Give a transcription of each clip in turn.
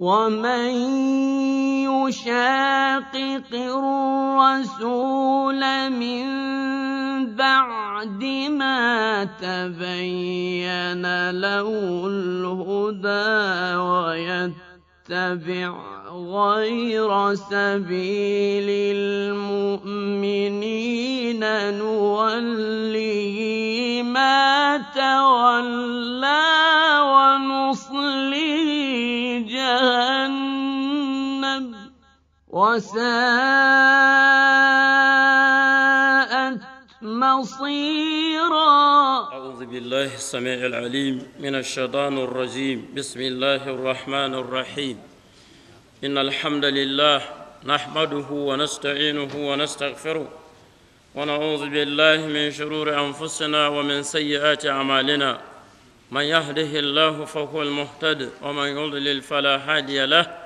ومن يشاقق الرسول من بعد ما تبين له الهدى ويتبع غير سبيل المؤمنين نولي ما تولى وساءت مصيرا أعوذ بالله السميع العليم من الشيطان الرجيم بسم الله الرحمن الرحيم إن الحمد لله نحمده ونستعينه ونستغفره ونعوذ بالله من شرور أنفسنا ومن سيئات أعمالنا من يهده الله فهو المهتد ومن يضلل فلا هادي له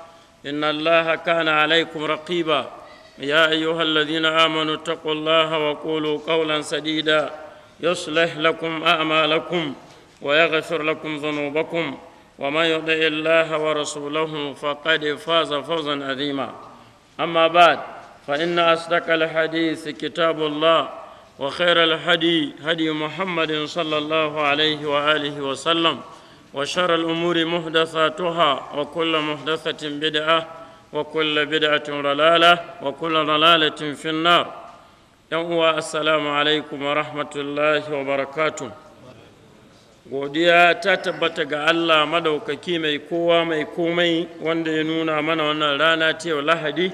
ان الله كان عليكم رقيبا يا ايها الذين امنوا اتقوا الله وقولوا قولا سديدا يصلح لكم اعمالكم ويغفر لكم ذنوبكم ومن يطع الله ورسوله فقد فاز فوزا عظيما اما بعد فان اصدق الحديث كتاب الله وخير الهدي هدي محمد صلى الله عليه واله وسلم وشر الأمور محدثاتها وكل محدثة بدعة وكل بدعة ضلالة وكل ضلالة في النار يوم السلام عليكم ورحمة الله وبركاته godiya ta tabbata ga Allah madaukaki mai kowa mai komai wanda ya nuna mana wannan rana ta yau lahadi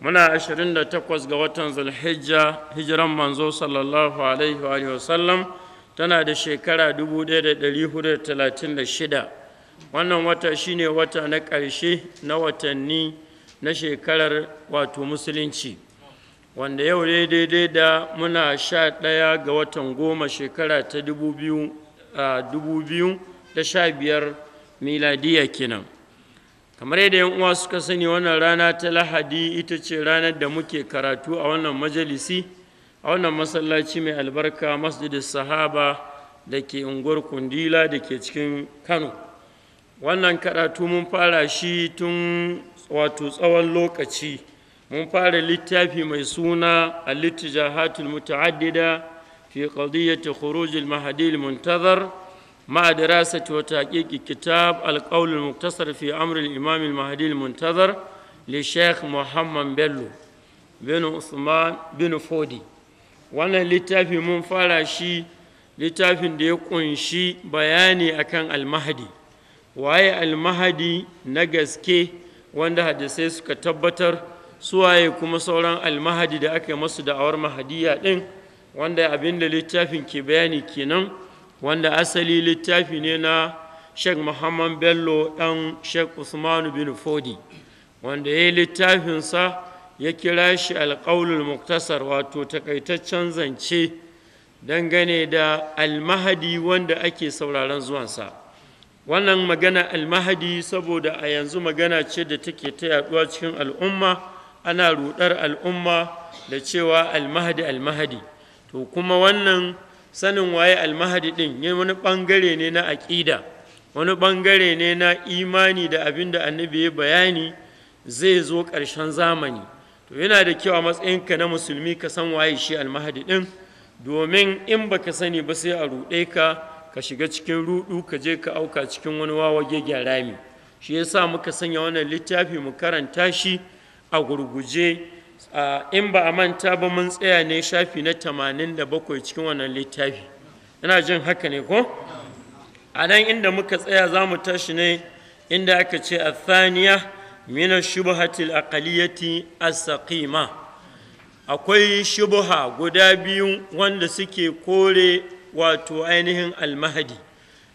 muna 28 ga watan zulhijja hijiran manzo sallallahu alaihi wa sallam tana da shekara 1436 wannan wata shine wata na ƙarshe na watanni na shekarar wato musulunci wanda yau ne daidai da muna sha ɗaya ga watan goma shekara ta dubu biyu sha biyar miladiya kenan kamar yadda yan uwa suka sani wannan rana ta lahadi ita ce ranar da muke karatu a wannan majalisi a wannan masallaci mai albarka masjidin sahaba da ke unguwar kundila da ke cikin kano wannan karatu mun fara shi tun wato tsawon lokaci mun fara littafi mai suna al muta'addida fi qadiyyati khuruj mahdi al-muntazar ma dirasati wa taqiqi kitab al-qawl al-muktasar fi amr al-imam al-mahdi al-muntazar li Sheikh Muhammad Bello bin Usman bin Fodi wannan littafin mun fara shi littafin da ya kunshi bayani akan almahadi waye almahadi na gaske wanda hadisai suka tabbatar suwaye kuma sauran almahadi da aka yi masu da'awar mahadiya ɗin wanda abin da littafin ke bayani kenan wanda asali littafi ne na sheikh muhammad bello ɗan sheikh usmanu bin fodi wanda ya yi littafinsa ya kira shi alƙaulul muktasar wato takaitaccen zance dangane da almahadi wanda ake sauraron zuwansa wannan magana almahadi saboda a yanzu magana ce da take ta yaduwa cikin al'umma ana rudar al'umma da cewa almahadi almahadi to kuma wannan sanin waye almahadi din ya wani ɓangare ne na aƙida wani bangare ne na imani da abin da annabi ya bayani zai zo ƙarshen zamani to yana da kyau a matsayinka na musulmi ka san waye shi almahadi din domin in baka sani ba sai a ruɗe ka ka shiga cikin ruɗu ka je ka auka cikin wani wawage gyarami shi yasa muka sanya wannan littafi mu karanta shi a gurguje in ba a manta ba mun tsaya ne shafi na tamanin da bakwai cikin wannan littafi ina jin haka ne ko a nan inda muka tsaya za mu tashi ne inda aka ce a thaniya min shubhatil aqaliyati as-saqima akwai shubha guda biyu wanda suke kore wato ainihin almahadi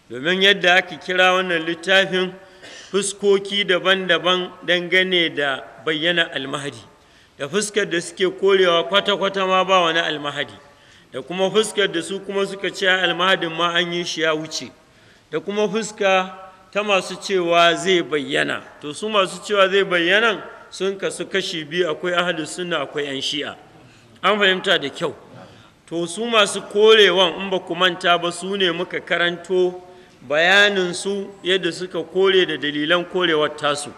domin yadda aka kira wannan littafin fuskoki daban-daban dangane da bayyana almahadi da fuskar da suke korewa kwata-kwata ma ba wani almahadi da kuma fuskar da su kuma suka ce almahadin ma an yi shi ya wuce da kuma fuska ta masu cewa zai bayyana to su masu cewa zai bayyana sun kasu kashi biyu akwai ahalus suna akwai yan shi'a an fahimta da kyau to su masu korewan in ba ku manta ba su ne muka karanto bayanin su yadda suka kore da dalilan korewar tasu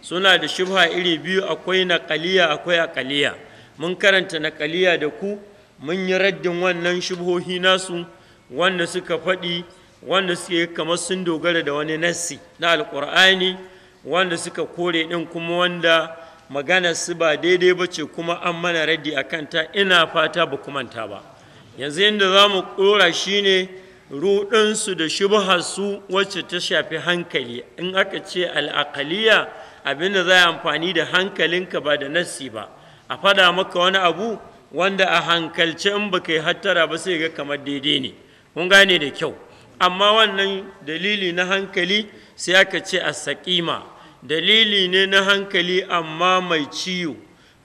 suna da shubha iri biyu akwai naƙaliya akwai aƙaliya mun karanta naƙaliya da ku mun yi raddin wannan shubhohi nasu wanda suka faɗi wanda suke kamar sun dogara da wani nassi na alkur'ani wanda suka kore ɗin kuma wanda magana su ba daidai ba ce kuma an mana raddi a kanta ina fata ba kumanta ba yanzu yadda za mu ƙora shi ne ruɗinsu da su wacce ta shafi hankali in aka ce al'akaliya abinda za a amfani da hankalinka ba da nassi ba a fada maka wani abu wanda a hankalce in baka yi hattara ba sai ga kamar daidai ne kun gane da kyau amma wannan dalili na hankali sai aka ce a saƙima dalili ne na hankali amma mai ciwo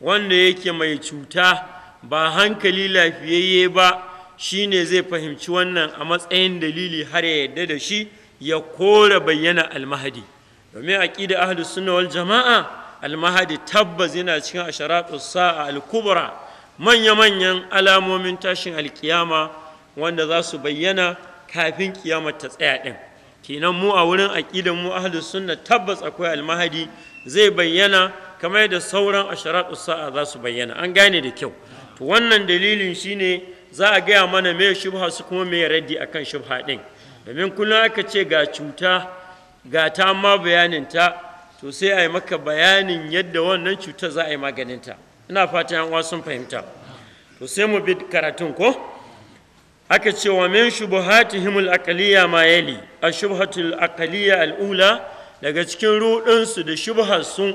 wanda yake mai cuta ba hankali lafiyayye ba shine zai fahimci wannan a matsayin dalili har ya yarda da shi ya kora bayyana almahadi domin a ƙida ahadu suna wal jama'a almahadi tabbas yana cikin asharatu sa'a alkubra manya-manyan alamomin tashin alkiyama wanda za su bayyana kafin kiyamar ta tsaya ɗin kenan mu a wurin aƙidar mu ahalus sunna tabbas akwai almahadi zai bayyana kamar yadda sauran asharatu sa'a za su bayyana an gane da kyau to wannan dalilin shine za a gaya mana me shubha su kuma me raddi akan shubha ɗin domin kullum aka ce ga cuta ga ta ma bayaninta to sai a yi maka bayanin yadda wannan cutar za a yi maganinta ina fata yan uwa sun fahimta to sai mu bi karatun ko aka ce wa min shubuhatihimul aqliya ma yali ashubhatul aqliya al'ula daga cikin ruɗinsu da shubharsu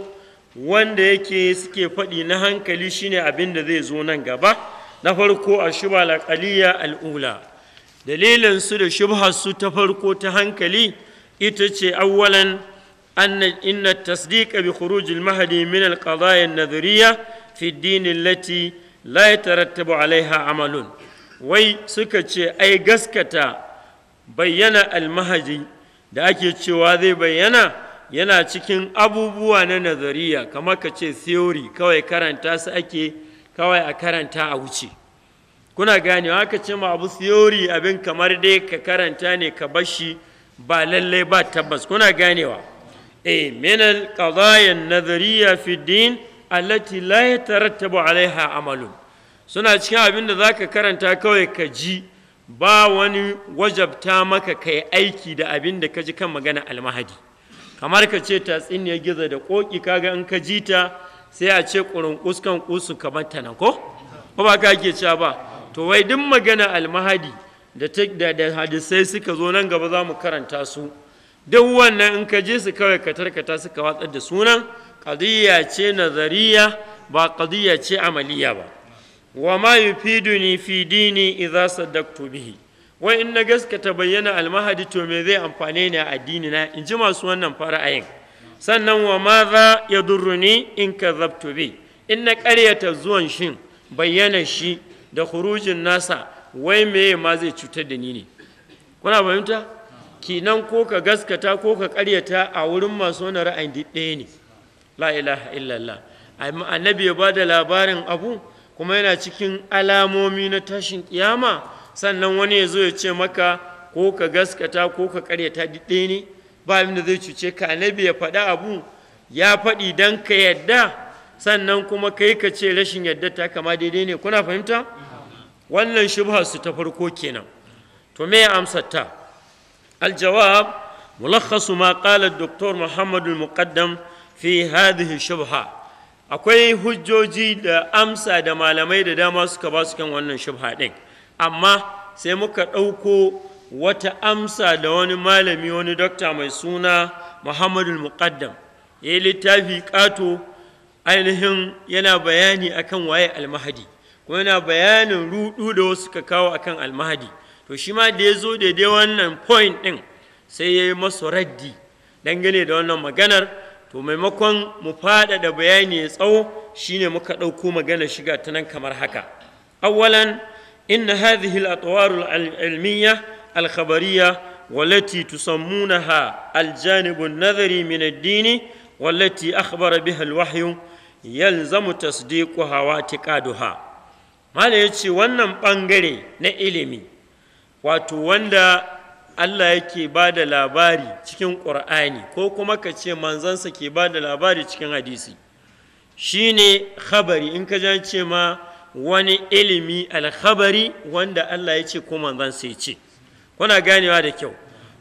wanda yake suke faɗi na hankali shine abin da zai zo nan gaba na farko a aqliya al'ula dalilin su da shubharsu ta farko ta hankali ita ce awwalan anna inna tasdiqa bi khurujil mahdi min al qadaya an-nadhiriyya fi ad-din allati la yatarattabu alaiha amalun wai suka ce ai gaskata bayyana almahaji da ake cewa zai bayyana yana cikin abubuwa na nazariya kamar ka ce theory kawai karanta su ake kawai a karanta a wuce kuna wa aka ce ma abu theory abin kamar dai ka karanta ne ka bashi ba lallai ba tabbas kuna ganewa eh minal qadaya nazariya fi din allati la yatarattabu alaiha amalun suna cikin abin da za ka karanta kawai ka ji ba wani wajabta maka ka yi aiki da abin da ka ji kan magana almahadi kamar ka ce tatsiniyar gizo da ƙoƙi kaga in ka ji ta sai a ce ƙurin ƙuskan ƙusu kamar ta nan ko ba ka ke cewa ba to wai duk magana almahadi da da hadisai suka zo nan gaba za mu karanta su duk wannan in ka ji su kawai ka tarkata suka watsar da sunan qadiyya ce nazariya ba qadiyya ce amaliya ba wa ma yufiduni fi dini idza saddaqtu bihi wai in na gaskata bayyana almahadi to me zai amfane ni a addini na in ji masu wannan fara'ayin sannan wa ma za ya durruni in kazabtu bi in na karyata zuwan shin bayyana shi da khurujin nasa wai me ma zai cutar da ni ne kuna fahimta kinan ko ka gaskata ko ka karyata a wurin masu wannan ra'ayin ɗaya ne la ilaha illallah annabi ya ba da labarin abu kuma yana cikin alamomi na tashin ƙiyama sannan wani ya zo ya ce maka ko ka gaskata ko ka karyata ɗaya ne ba abin da zai cuce ka annabi ya faɗa abu ya faɗi don ka yadda sannan kuma kai ka ce rashin yadda ta kama daidai ne kuna fahimta wannan shubha su ta farko kenan to me ya amsa ta aljawab mulakhasu ma qala ad-doktor Muhammad al-Muqaddam fi hadhihi shubha akwai hujjoji da amsa da malamai da dama suka ba su kan wannan shubha ɗin amma sai muka ɗauko wata amsa da wani malami wani dokta mai suna muhammadul muqaddam ya yi littafi ƙato ainihin yana bayani akan waye almahadi kuma yana bayanin rudu da wasu ka kawo akan almahadi to shi ma da ya zo daidai wannan point ɗin sai ya yi masu raddi dangane da wannan maganar to maimakon mu fada da bayani ya tsawo shine muka ɗauko magana shiga ta nan kamar haka awalan in hadhihi al-atwar al-ilmiyya al-khabariyya wallati tusammunaha al-janib an-nadhri min ad-din wallati akhbara biha al-wahyu yalzamu tasdiquha wa Malam malai yace wannan bangare na ilimi wato wanda Allah yake ba da labari cikin ƙur'ani ko kuma ka ce manzansa ke ba da labari cikin hadisi shi ne khabari in ka jan ce ma wani ilimi alkhabari wanda Allah ya ce ko manzansa ya ce kuna ganewa da kyau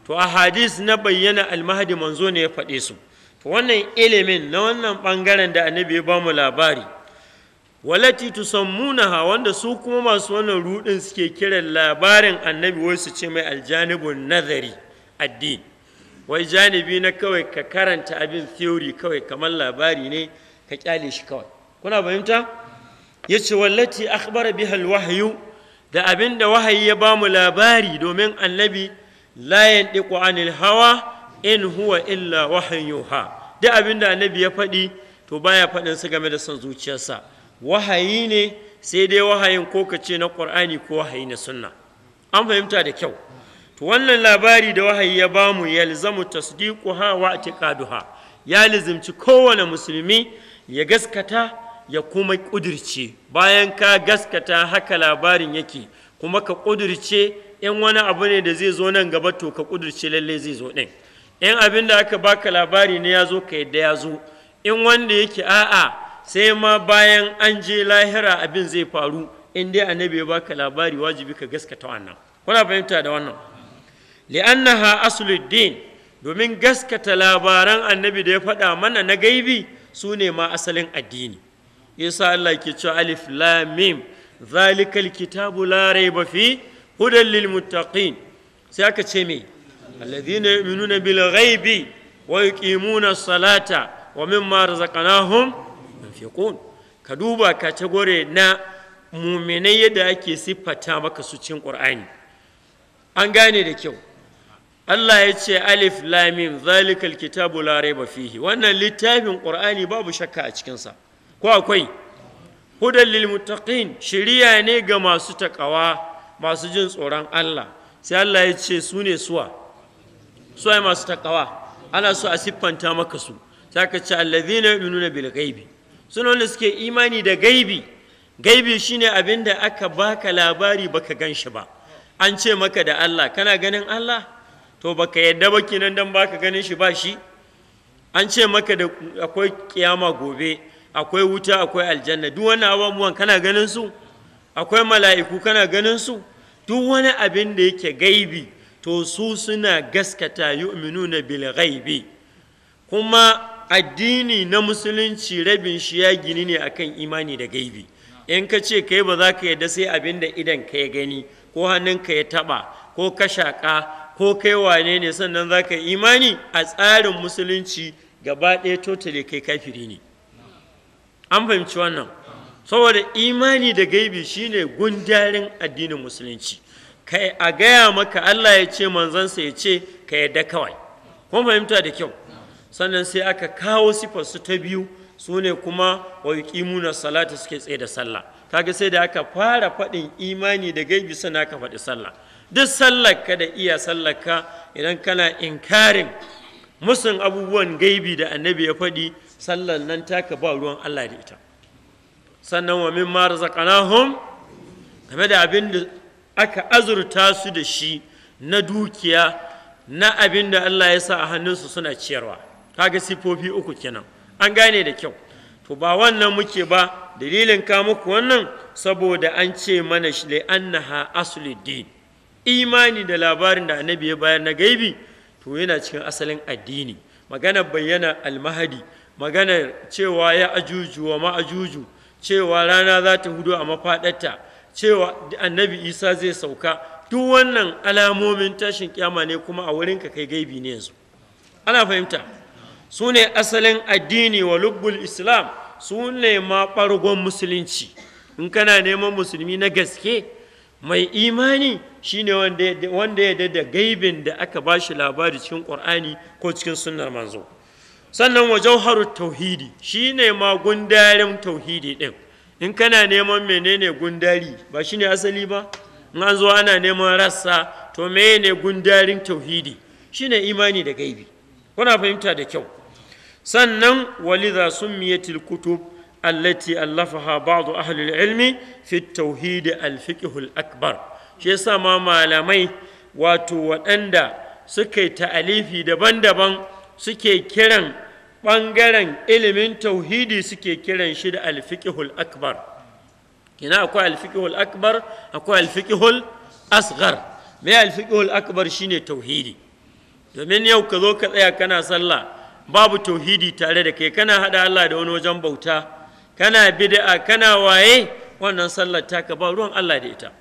to a hadis na bayyana almahadi manzo ne ya faɗe su to wannan ilimin na wannan ɓangaren da annabi ya ba mu labari walati tusammunaha wanda su kuma masu wannan rudin suke kiran labarin annabi wai su ce mai aljanibun nazari addini wai janibi na kawai ka karanta abin theory kawai kamar labari ne ka kyale shi kawai kuna fahimta yace wallati akhbara biha alwahyu da abin da wahayi ya bamu labari domin annabi la yandiqu anil hawa in huwa illa wahyuha da abin da annabi ya faɗi to baya faɗin su game da son zuciyarsa wahayi ne sai dai wahayin ko ka ce na ƙur'ani ko wahayi na sunna an fahimta da kyau to wannan labari da wahayi ya bamu tasdiku ha wa i'tiqaduha ya lizimci kowane musulmi ya gaskata ya kuma kudirce bayan ka gaskata haka labarin yake kuma ka kudirce in wani abu ne da zai zo nan gaba to ka kudirce lalle zai zo din in abin da aka baka labari ne ya zo ka yadda ya zo in wanda yake a'a sai ma bayan an je lahira abin zai faru in dai annabi ya baka labari wajibi ka gaskata wannan kuna fahimta da wannan li'annaha asuluddin domin gaskata labaran annabi da ya faɗa mana na gaibi su ne ma asalin addini isa Allah ke cewa alif lamim zalikal kitabu la raiba fi hudan lil muttaqin sai aka ce me alladhina yu'minuna bil ghaibi wa yuqimuna salata wa mimma razaqnahum yunfiqun ka duba kategori na muminai yadda ake siffata maka su cin qur'ani an gane da kyau Allah ya ce alif lamim zalikal kitabu la raiba fihi wannan littafin qur'ani babu shakka a cikin sa ko akwai hudan lil muttaqin shiriya ne ga masu takawa masu jin tsoron Allah sai Allah ya ce su ne suwa suwa masu takawa ana so a siffanta maka su sai ka ce alladhina yu'minuna bil ghaibi suna wanda suke imani da gaibi gaibi shine abin da aka baka labari baka gan shi ba an ce maka da Allah kana ganin Allah to baka yadda ba kinan dan baka ganin shi ba shi an ce maka da akwai kiyama gobe akwai wuta akwai aljanna duk wani abubuwan kana ganin su akwai mala'iku kana ganin su duk wani abin da yake gaibi to su suna gaskata yu'minuna bil ghaibi kuma addini na musulunci rabin shi ya gini ne akan imani da gaibi in ka ce kai ba za ka yadda sai abin da idan ka ya gani ko hannunka ya taba ko ka shaƙa ko kai wane ne sannan za ka imani a tsarin musulunci gaba ɗaya totale kai kafiri ne an fahimci wannan saboda imani da gaibi shine gundarin addinin musulunci kai a gaya maka Allah ya ce manzansa ya ce ka yadda kawai kuma fahimta da kyau sannan sai aka kawo sifar su ta biyu su ne kuma wa na salata suke tsaye da sallah kaga sai da aka fara faɗin imani da gaibi sana ka faɗi sallah duk sallar ka da iya sallar ka idan kana inkarin musun abubuwan gaibi da annabi ya faɗi sallar nan taka ba ruwan Allah da ita sannan wa min ma razaqnahum game da abin da aka azurta su da shi na dukiya na abin da Allah ya sa a hannunsu suna ciyarwa kaga sifofi uku kenan an gane da kyau to ba wannan muke ba dalilin ka muku wannan saboda an ce mana shi annaha, asuluddin imani da labarin da annabi ya bayar na gaibi to yana cikin asalin addini magana bayyana almahadi magana cewa ya ajuju wa ma'ajuju cewa rana za ta hudu a mafaɗarta cewa annabi isa zai sauka duk wannan alamomin tashin kyama ne kuma a wurinka kai gaibi ne yanzu ana fahimta su ne asalin addini wa lubbul islam su ne ma ɓargon musulunci in kana neman musulmi na gaske mai imani shine wanda ya da gaibin da aka ba shi labari cikin ƙur'ani ko cikin sunnar manzo sannan wa jauharu tauhidi shine ma gundarin tauhidi ɗin in kana neman menene gundari ba shine asali ba in an zo ana neman rassa to menene gundarin tauhidi shine imani da gaibi kuna fahimta da kyau sannan waliza summiyatil kutub allati allafaha ba'du ahli ilmi fi tauhid al akbar shi yasa ma malamai wato waɗanda suka yi ta'alifi daban-daban suke kiran ɓangaren ilimin tauhidi suke kiran shi da alfiƙihul akbar kina akwai alfiƙihul akbar akwai alfiƙihul asghar mai alfiƙihul akbar shine tauhidi domin yau ka zo ka tsaya kana sallah babu tauhidi tare da kai kana hada Allah da wani wajen bauta kana bid'a kana waye wannan sallar taka ba ruwan Allah da ita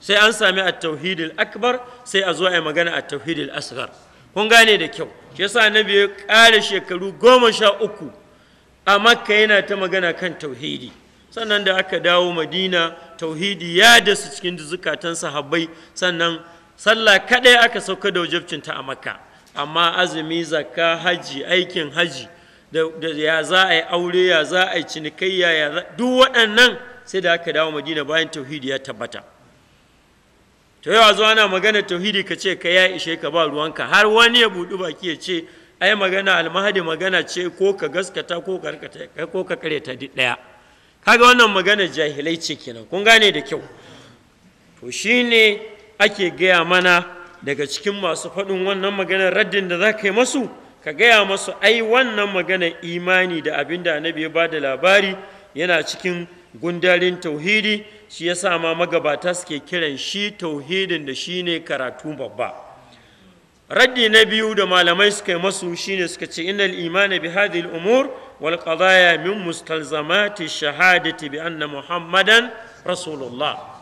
sai an sami at-tauhidil akbar sai a zo a yi magana at-tauhidil asghar kun gane da kyau shi yasa annabi ya ƙara shekaru goma sha uku a makka yana ta magana kan tauhidi sannan da aka dawo madina tauhidi ya dasu cikin zukatan sahabbai sannan sallah kaɗai aka sauka da ta a makka amma azumi zakka haji aikin haji da ya za a yi aure ya za a yi cinikayya ya duk waɗannan sai da aka dawo madina bayan tauhidi ya tabbata to yawa zuwa ana magana tauhidi ka ce ka ya ishe ka ba ruwanka har wani ya buɗu baki ya ce ai magana almahadi magana ce ko ka gaskata ko ka ko ka ta duk ɗaya kaga wannan magana jahilai ce kenan kun gane da kyau to shine ake gaya mana daga cikin masu faɗin wannan maganar raddin da za ka yi masu ka gaya masu ai wannan maganar imani da abin da annabi ya ba da labari yana cikin gundarin tauhidi shi ya sa ma magabata suke kiran shi tauhidin da shi ne karatu babba raddi na biyu da malamai suka yi masu shi ne suka ce innal imani bi hadhihi umur wal qadaya min mustalzamati shahadati bi anna muhammadan rasulullah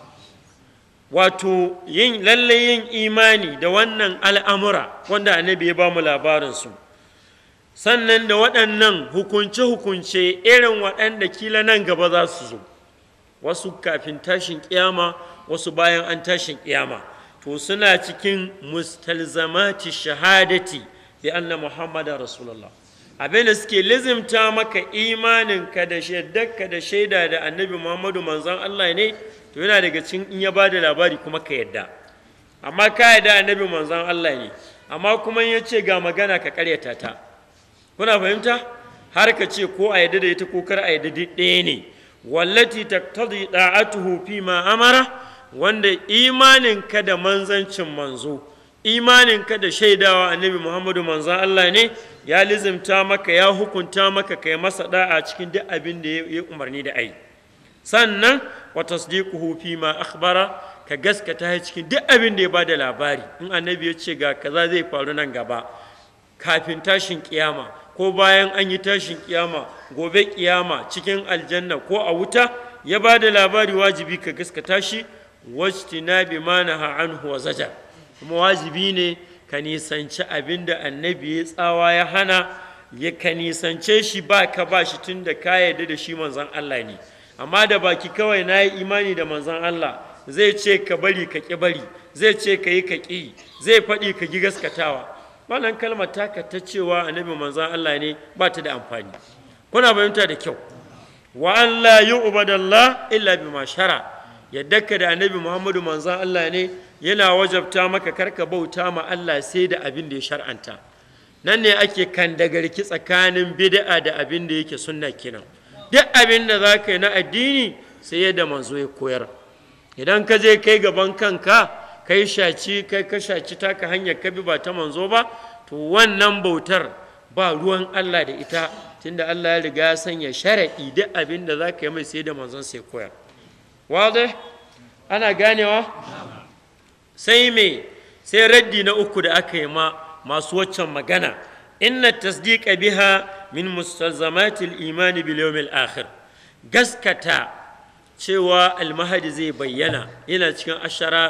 wato yin lalle yin imani da wannan al'amura wanda annabi ya ba mu labarinsu sannan da waɗannan hukunce-hukunce irin waɗanda kila nan gaba za su zo wasu kafin tashin ƙiyama wasu bayan an tashin ƙiyama to suna cikin mustalzamati shahadati bi anna muhammadan rasulullah abin da suke lizimta maka imaninka da shaidarka da shaida da annabi muhammadu manzon allah ne to yana daga cikin in ya bada labari kuma ka yadda amma ka yadda annabi manzon Allah ne amma kuma in ya ce ga magana ka karyata ta kuna fahimta har ka ce ko a yadda da ita ko kar a yadda ɗaya ne wallati taqtadi da'atuhu fi ma amara wanda imanin ka da manzancin manzo imanin ka da shaidawa annabi Muhammadu manzon Allah ne ya lizimta maka ya hukunta maka kai masa da'a cikin duk abin da ya umarni da ai sannan wa tasdiquhu fi ma akhbara ka gaskata cikin duk abin da ya bada labari in annabi ya ce ga kaza zai faru nan gaba kafin tashin kiyama ko bayan an yi tashin kiyama gobe kiyama cikin aljanna ko a wuta ya bada labari wajibi ka gaskata shi wajtina bi manaha anhu wa zajar kuma wajibi ne ka nisanci abin da annabi ya tsawa ya hana ya ka nisance shi ba ka ba shi tun da ka yarda da shi manzon Allah ne amma da baki kawai na yi imani da manzan Allah zai ce ka bari ka ƙi bari zai ce ka yi ka ƙi zai faɗi ka gi gaskatawa wannan kalmar taka ta cewa annabi manzan Allah ne ba ta da amfani kuna fahimta da kyau wa an la yu'badallah illa bi shara yadda ka da annabi Muhammadu manzan Allah ne yana wajabta maka karka bauta ma Allah sai da abin da ya shar'anta nan ne ake kan dagarki tsakanin bid'a da abin da yake sunna kenan duk abin da za ka yi na addini sai yadda manzo ya koyar idan ka je kai gaban kanka kai shaci kai ka shaci taka hanyar ka bi ba ta manzo ba to wannan bautar ba ruwan Allah da ita tunda Allah ya riga ya sanya shara'i duk abin da za ka yi mai sai da manzon sai koyar wadai ana ganewa sai me sai raddi na uku da aka yi ma masu waccan magana inna tasdiqa biha min mustazamatil imani bil yawmil akhir gaskata cewa almahadi zai bayyana yana cikin ashara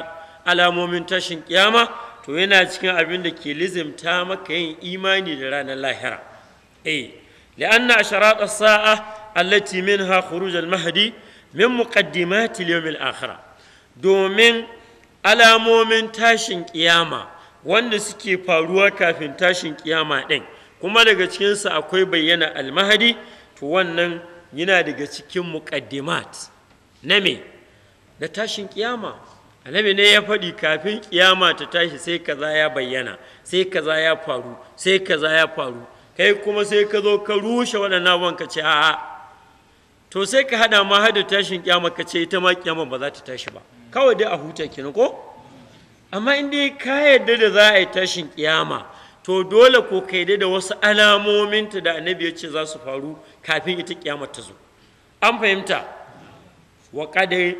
alamomin tashin kiyama to yana cikin abin da ke lizimta maka yin imani da ranar lahira eh li'anna asharat as-sa'a allati minha khuruj al-mahdi min muqaddimat al-yawm al domin alamomin tashin kiyama wanda suke faruwa kafin tashin kiyama ɗin. kuma daga cikinsa akwai bayyana almahadi to wannan yana daga cikin muƙaddimat na me na tashin kiyama annabi ne ya faɗi kafin kiyama ta tashi sai kaza ya bayyana sai kaza ya faru sai kaza ya faru kai kuma sai ka zo ka rushe waɗannan abubuwan ka ce a'a to sai ka haɗa ma hada tashin kiyama ka ce ita ma kiyama ba za ta tashi ba kawai dai a huta kenan ko amma in dai ka yarda da za a yi tashin kiyama to dole ko kaide da wasu alamominta da annabi ya ce za su faru kafin ita kiyamar ta zo an fahimta wa qad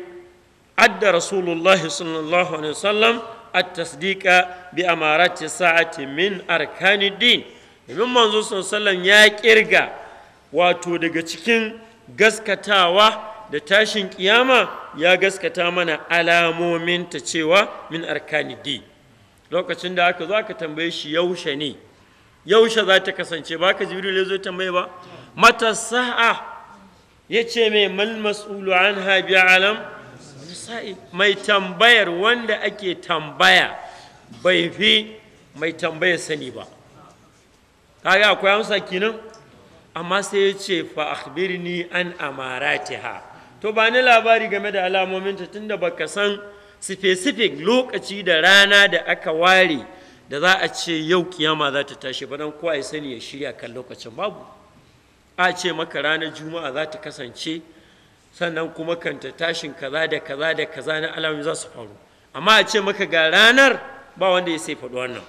adda rasulullah sallallahu alaihi wasallam at-tasdiqa bi amarati sa'ati min arkani din domin manzo sallallahu ya kirga wato daga cikin gaskatawa da tashin kiyama ya gaskata mana alamominta cewa min arkani din lokacin da aka zo ka tambaye shi yaushe ne yaushe za ta kasance ba ka jibril ya zo tambaye ba mata sa'a ya ce mai mal mas'ulu an alam mai tambayar wanda ake tambaya bai fi mai tambayar sani ba kaga akwai amsa kinan amma sai ya ce fa akhbirni an amaratiha to ba ni labari game da alamominta tunda baka san specific lokaci da rana da aka ware da za a ce yau kiyama za ta tashi ba don kowa ya sani ya shirya kan lokacin babu a ce maka ranar juma'a za ta kasance sannan kuma kanta tashin kaza da kaza da kaza na alamomi za su faru amma a ce maka ga ranar ba wanda ya sai faɗi wannan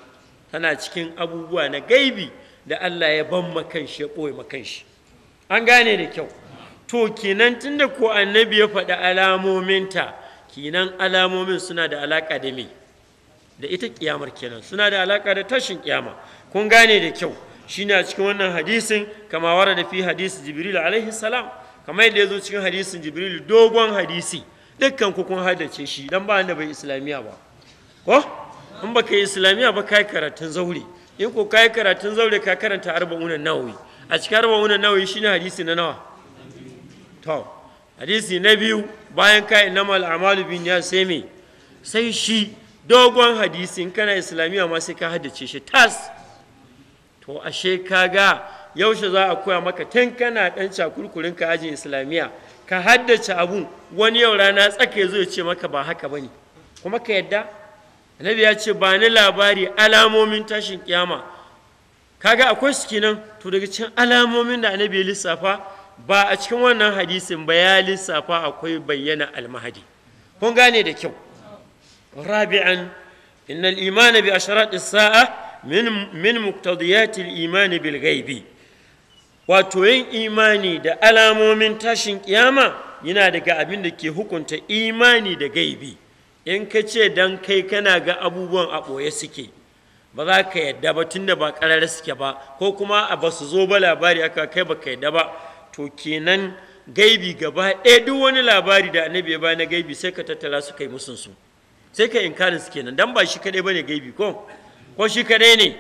tana cikin abubuwa na gaibi da Allah ya ban makan shi ya ɓoye makan shi an gane da kyau to kenan tunda ko annabi ya faɗi alamominta kinan alamomin suna da alaƙa da me da ita kiyamar kenan suna da alaƙa da tashin kiyama kun gane da kyau shine a cikin wannan hadisin kama wara da fi hadisi jibril alaihi salam kama yadda ya zo cikin hadisin jibril dogon hadisi dukkan ku kun haddace shi dan ba da bai islamiya ba ko in baka yi islamiya ba kai karatun zaure in ko kai karatun zaure ka karanta arba'un nawawi a cikin arba'un nawawi shine hadisi na nawa to hadisi na biyu bayan ka'in na malamalu bin ya sai me sai shi dogon hadisi in kana islamiyya ma sai ka haddace shi tas to ashe ga yaushe za a koya maka tun kana dan cakurkurin ka ajin islamiyya ka haddace abun wani yau rana tsaka zo ya ce maka ba haka bane kuma ka yadda annabi ya ce ba ni labari alamomin tashin kiyama kaga akwai su kenan to daga cikin alamomin da annabi ya lissafa ba a cikin wannan hadisin ba ya lissafa akwai bayyana almahadi kun gane da kyau rabi'an innal iman bi as sa'a min min al imani bil ghaibi wato yin imani da alamomin tashin kiyama yana daga abin da ke hukunta imani da gaibi in ka ce dan kai kana ga abubuwan a ɓoye suke ba za ka yadda ba tunda ba ƙararra suke ba ko kuma a ba su zo ba labari aka kai ba ka yadda ba to kenan gaibi gaba ɗaya duk wani labari da annabi ya na gaibi sai ka tattala su kai musun su sai ka inkarin su kenan dan ba shi kaɗai ba ne gaibi ko ko shi kaɗai ne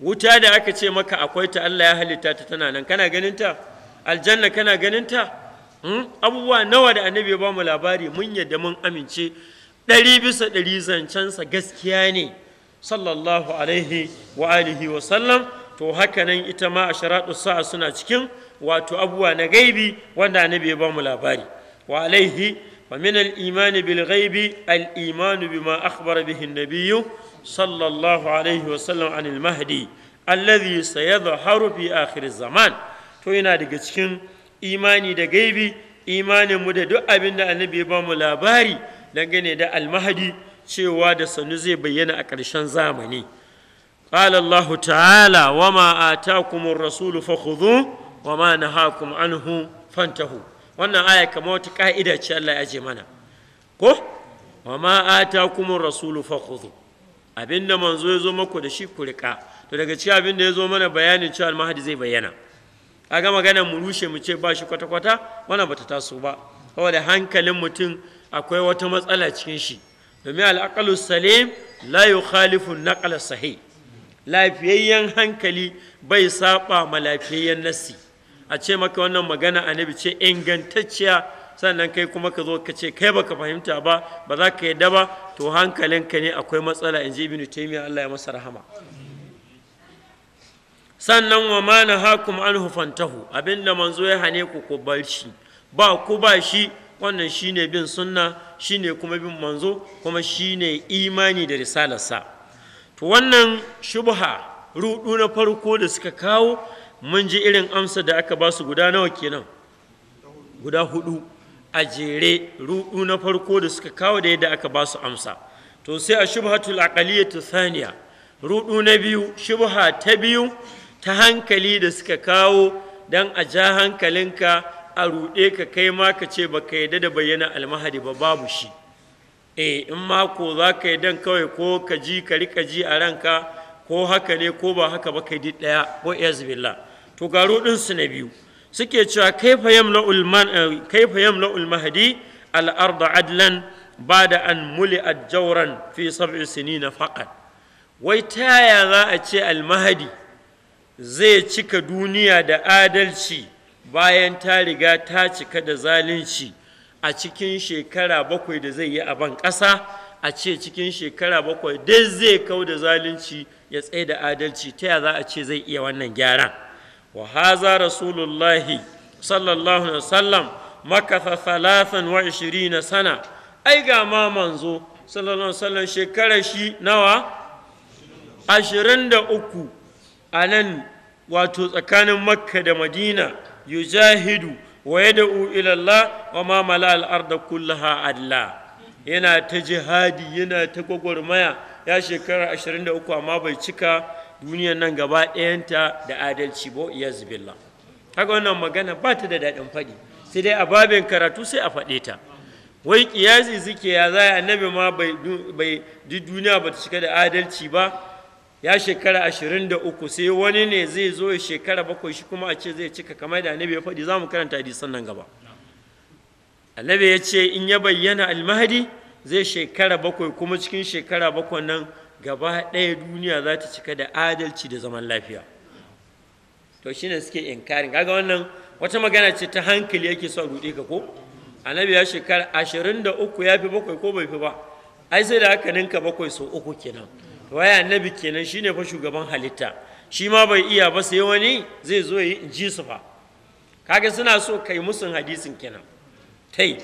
wuta da aka ce maka akwai ta Allah ya halitta ta tana nan kana ganin ta aljanna kana ganin ta hmm? abubuwa nawa da annabi ya mu labari mun yadda mun amince ɗari bisa ɗari zancensa gaskiya ne sallallahu alaihi wa alihi wa sallam to haka nan ita ma a sharaɗu sa'a suna cikin wato abubuwa na gaibi wanda annabi bai ba mu labari wa alaihi wa min al-imani bil ghaibi al-imanu bima akhbara bihi an-nabiyyu sallallahu alaihi wa sallam an al-mahdi alladhi sayadhharu fi akhir zaman to yana daga cikin imani da gaibi imanin mu da duk abin da annabi ya ba mu labari dangane da al-mahdi cewa da sanu zai bayyana a ƙarshen zamani قال الله تعالى وما آتاكم الرسول فخذوه wa ma na nahakum anhu fantahu wannan aya kama wata ka'ida ce Allah ya aje mana ko wa ma a ta kuma rasulu fakhudhu abinda manzo ya zo maku da shi kurika to daga cikin abinda ya zo mana bayanin cewa almahadi zai bayyana a gama magana mu rushe mu ce ba shi kwata kwata ba bata taso ba saboda hankalin mutum akwai wata matsala cikin shi domin al'akalu salim la khalifun naqla sahi. lafiyayyen hankali bai saba ma lafiyayyen nassi a ce maka wannan magana annabi ce ingantacciya sannan kai kuma ka zo ka ce kai baka fahimta ba ba za ka yadda ba to hankalinka ne akwai matsala in ji ibnu taymiya Allah ya masa rahama sannan wa ma nahakum anhu fantahu abinda manzo ya hane ku ku bar shi ba ku ba shi wannan shine bin sunna shine kuma bin manzo kuma shine imani da risalarsa to wannan shubha rudu na farko da suka kawo mun ji irin amsa da aka ba su guda nawa kenan guda hudu a jere rudu na farko da suka kawo da yadda aka ba su amsa to sai a shubhatul aqaliyatu thaniya rudu na biyu shubha ta biyu ta hankali da suka kawo dan a ja hankalinka a rude ka kai ma ka ce ba ka yadda da bayyana almahadi ba babu shi e in ma ko za ka yi dan kawai ko ka ji ka rika ji a ranka ko haka ne ko ba haka ba kai di ɗaya ko yazbillah to ga su na biyu suke cewa kaifa yamla man eh, kaifa yamla'ul mahdi al-ard adlan ba'da an muli'at jawran fi sab'i sinina faqat wai taya za a ce al-mahdi zai cika duniya da adalci bayan ta riga ta cika da zalunci a cikin shekara bakwai da zai yi a ban ƙasa a ce cikin shekara bakwai dai zai kau da zalunci ya tsaye da adalci ta ya za a ce zai iya wannan gyaran wa haza rasulullahi sallallahu alaihi wasallam makatha thalathan wa ishirina sana ai ga ma manzo sallallahu alaihi wasallam Shekara shi nawa ashirin da uku a nan wato tsakanin makka da madina yujahidu wa yada'u ila Allah wa ma mala al-arda kullaha adla yana ta jihadi yana ta gwagwarmaya ya shekara 23 amma bai cika duniyar nan gaba ɗayanta da adalci bo ya zubilla kaga wannan magana ba ta da daɗin faɗi sai dai a babin karatu sai a faɗe ta wai kiyasi zike ya zai annabi ma bai duk duniya ba ta cika da adalci ba ya shekara ashirin da uku sai wani ne zai zo ya shekara bakwai shi kuma a ce zai cika kamar da annabi ya faɗi za mu karanta hadisan nan gaba annabi ya ce in ya bayyana almahadi zai shekara bakwai kuma cikin shekara bakwai nan gaba ɗaya duniya za ta cika da adalci da zaman lafiya to shi ne suke inkarin kaga wannan wata magana ce ta hankali yake son ruɗe ka ko annabi ya shekara ashirin da uku ya fi bakwai ko bai fi ba ai sai da haka ninka bakwai sau uku kenan to waya annabi kenan shine fa shugaban halitta shi ma bai iya ba sai wani zai zo yi in ji su fa kaga suna so ka yi musun hadisin kenan tai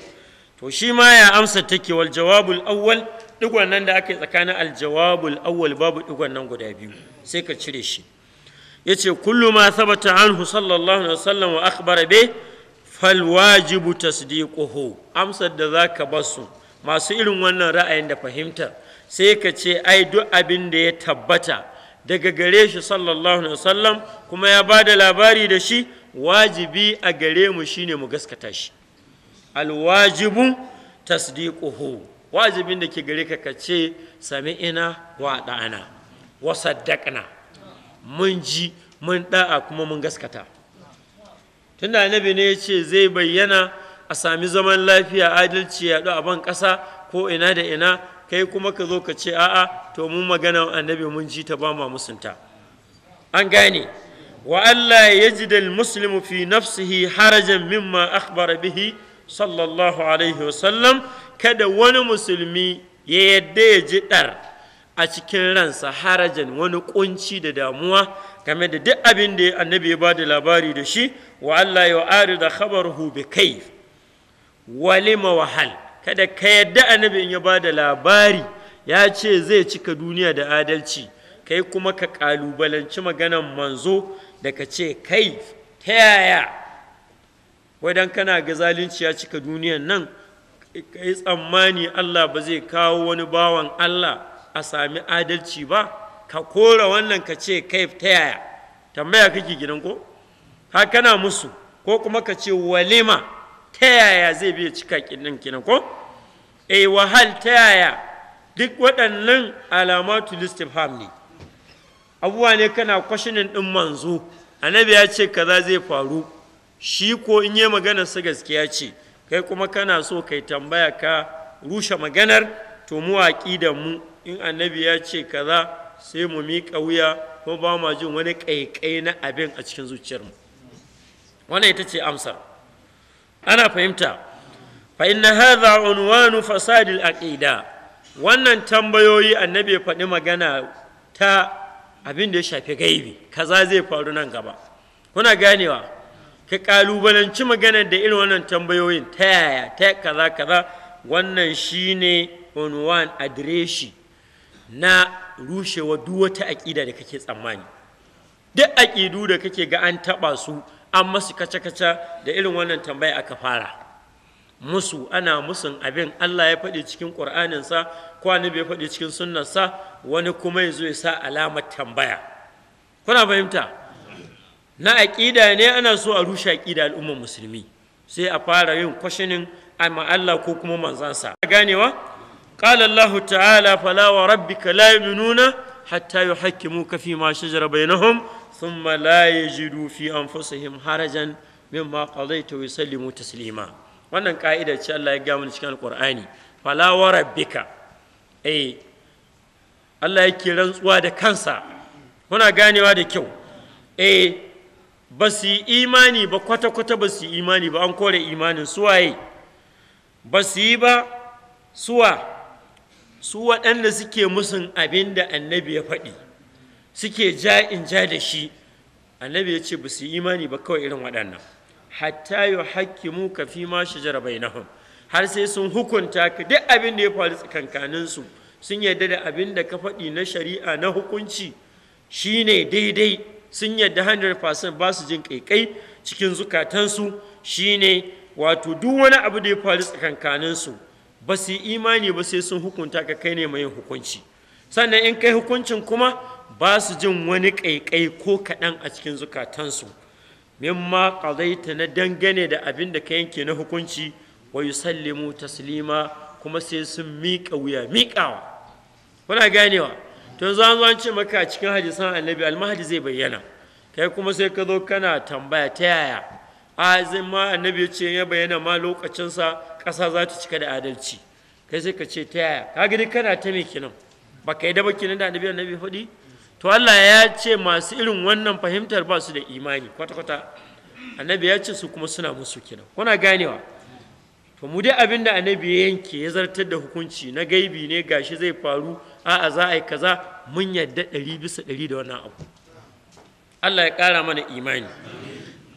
to shi ma ya amsa take wal jawabul awwal digon nan da aka yi tsakanin aljawabul awwal babu digon nan guda biyu sai ka cire shi yace kullu ma sabata anhu sallallahu alaihi wasallam wa akhbara bi fal wajibu tasdiquhu amsar da zaka basu masu irin wannan ra'ayin da fahimtar sai ka ce ai duk abin da ya tabbata daga gare shi sallallahu alaihi wasallam kuma ya ba da labari da shi wajibi a gare mu shine mu gaskata shi alwajibu tasdiquhu wajibin da ke gare ka ka ce sami ina wa ɗana wa mun ji mun ɗa'a kuma mun gaskata tunda annabi ne ya ce zai bayyana a sami zaman lafiya adalci ya a ban ƙasa ko ina da ina kai kuma ka zo ka ce a'a to mun magana annabi mun ji ta ba ma musunta an gane wa Allah ya ji da muslimu fi nafsihi harajan mimma akhbara bihi sallallahu alaihi wasallam kada wani musulmi ya yadda ya ji ɗar a cikin ransa harajan wani ƙunci da damuwa game da duk abin da annabi ya ba da labari da shi wa Allah ya ari da khabarhu bi kai walima wahal kada ka yadda annabi ya ba da labari ya ce zai cika duniya da adalci kai kuma ka kalubalanci maganan manzo da ka ce kai ta yaya wadan kana ga zalunci ya cika duniyan nan ka yi tsammani Allah ba zai kawo wani bawan Allah a sami adalci ba ka kora wannan ka ce kai ta yaya tambaya kake gidan ko ha kana musu ko kuma ka ce walima ta yaya zai biya cika kinan kinan ko eh wahal ta yaya duk waɗannan alamatu listifham ne abubuwa ne kana kwashinin ɗin manzo annabi ya ce kaza zai faru shi ko in yi maganar su gaskiya ce kai kuma kana so kai tambaya ka rushe maganar to mu da mu in annabi ya ce kaza sai mu miƙa wuya ko ba ma jin wani ƙaiƙai na abin a cikin zuciyarmu wannan ita ce amsar ana fahimta fa inna hadha unwanu fasadil aqida wannan tambayoyi annabi faɗi magana ta abin da ya shafi gaibi kaza zai faru nan gaba kuna ganewa ka ƙalubalanci maganar da irin wannan tambayoyin ta yaya ta kaza kaza wannan shi ne unwan adireshi na rushewa duk wata aƙida da kake tsammani duk aƙidu da kake ga an taɓa su an masu kaca-kaca da irin wannan tambaya aka fara musu ana musun abin Allah ya faɗi cikin ƙur'aninsa ko annabi ya faɗi cikin sunnarsa wani kuma ya zo ya sa alamar tambaya kuna fahimta na aƙida ne ana so a rushe aƙida al'ummar musulmi sai a fara yin kwashinin amma ko kuma manzansa ganewa qala Allah ta'ala falawa wa rabbika la yu'minuna hatta yuhakkimuka fi ma shajara bainahum thumma la yajidu fi anfusihim harajan mimma qadaita wa yusallimu taslima wannan ka'ida ce Allah ya ga mana cikin alƙur'ani fala wa rabbika eh Allah rantsuwa da kansa kuna ganewa da kyau ee. Eh, ba su yi imani ba kwata-kwata ba su yi imani ba an kore imanin suwaye ba su yi ba suwa su waɗanda suke musun abin da annabi ya faɗi suke ja in ja da shi annabi ya ce ba su yi imani ba kawai irin waɗannan hatta haƙƙi mu ka fi ma shi jarabai bainahum har sai sun hukunta ka duk abin da ya faru tsakankaninsu sun yarda da abin da ka faɗi na shari'a na hukunci shine daidai sun yadda 100% ba su jin kaikai cikin zukatansu shine wato duk wani abu da ya faru tsakankaninsu ba su imani ba sai sun hukunta ka kai ne mai hukunci sannan in kai hukuncin kuma ba su jin wani kaikai ko kaɗan a cikin zukatansu mimma ƙazaita na dangane da abin da ka yanke na hukunci wa sallimu taslima kuma sai sun miƙa wuya miƙawa kuna ganewa Tun za zuwan ce maka a cikin hadisan annabi almahadi zai bayyana kai kuma sai ka zo kana tambaya ta yaya a zai ma annabi ce ya bayyana ma lokacinsa ƙasa za ta cika da adalci kai sai ka ce ta yaya ka gani kana ta mai kinan ba ka yi da kinan da annabi annabi faɗi to Allah ya ce masu irin wannan fahimtar ba su da imani kwata-kwata annabi ya ce su kuma suna musu kinan kuna ganewa to mu dai abin da annabi ya yanke ya zartar da hukunci na gaibi ne gashi zai faru a'a za a yi kaza mun yadda ɗari bisa ɗari da wannan abu Allah ya ƙara mana imani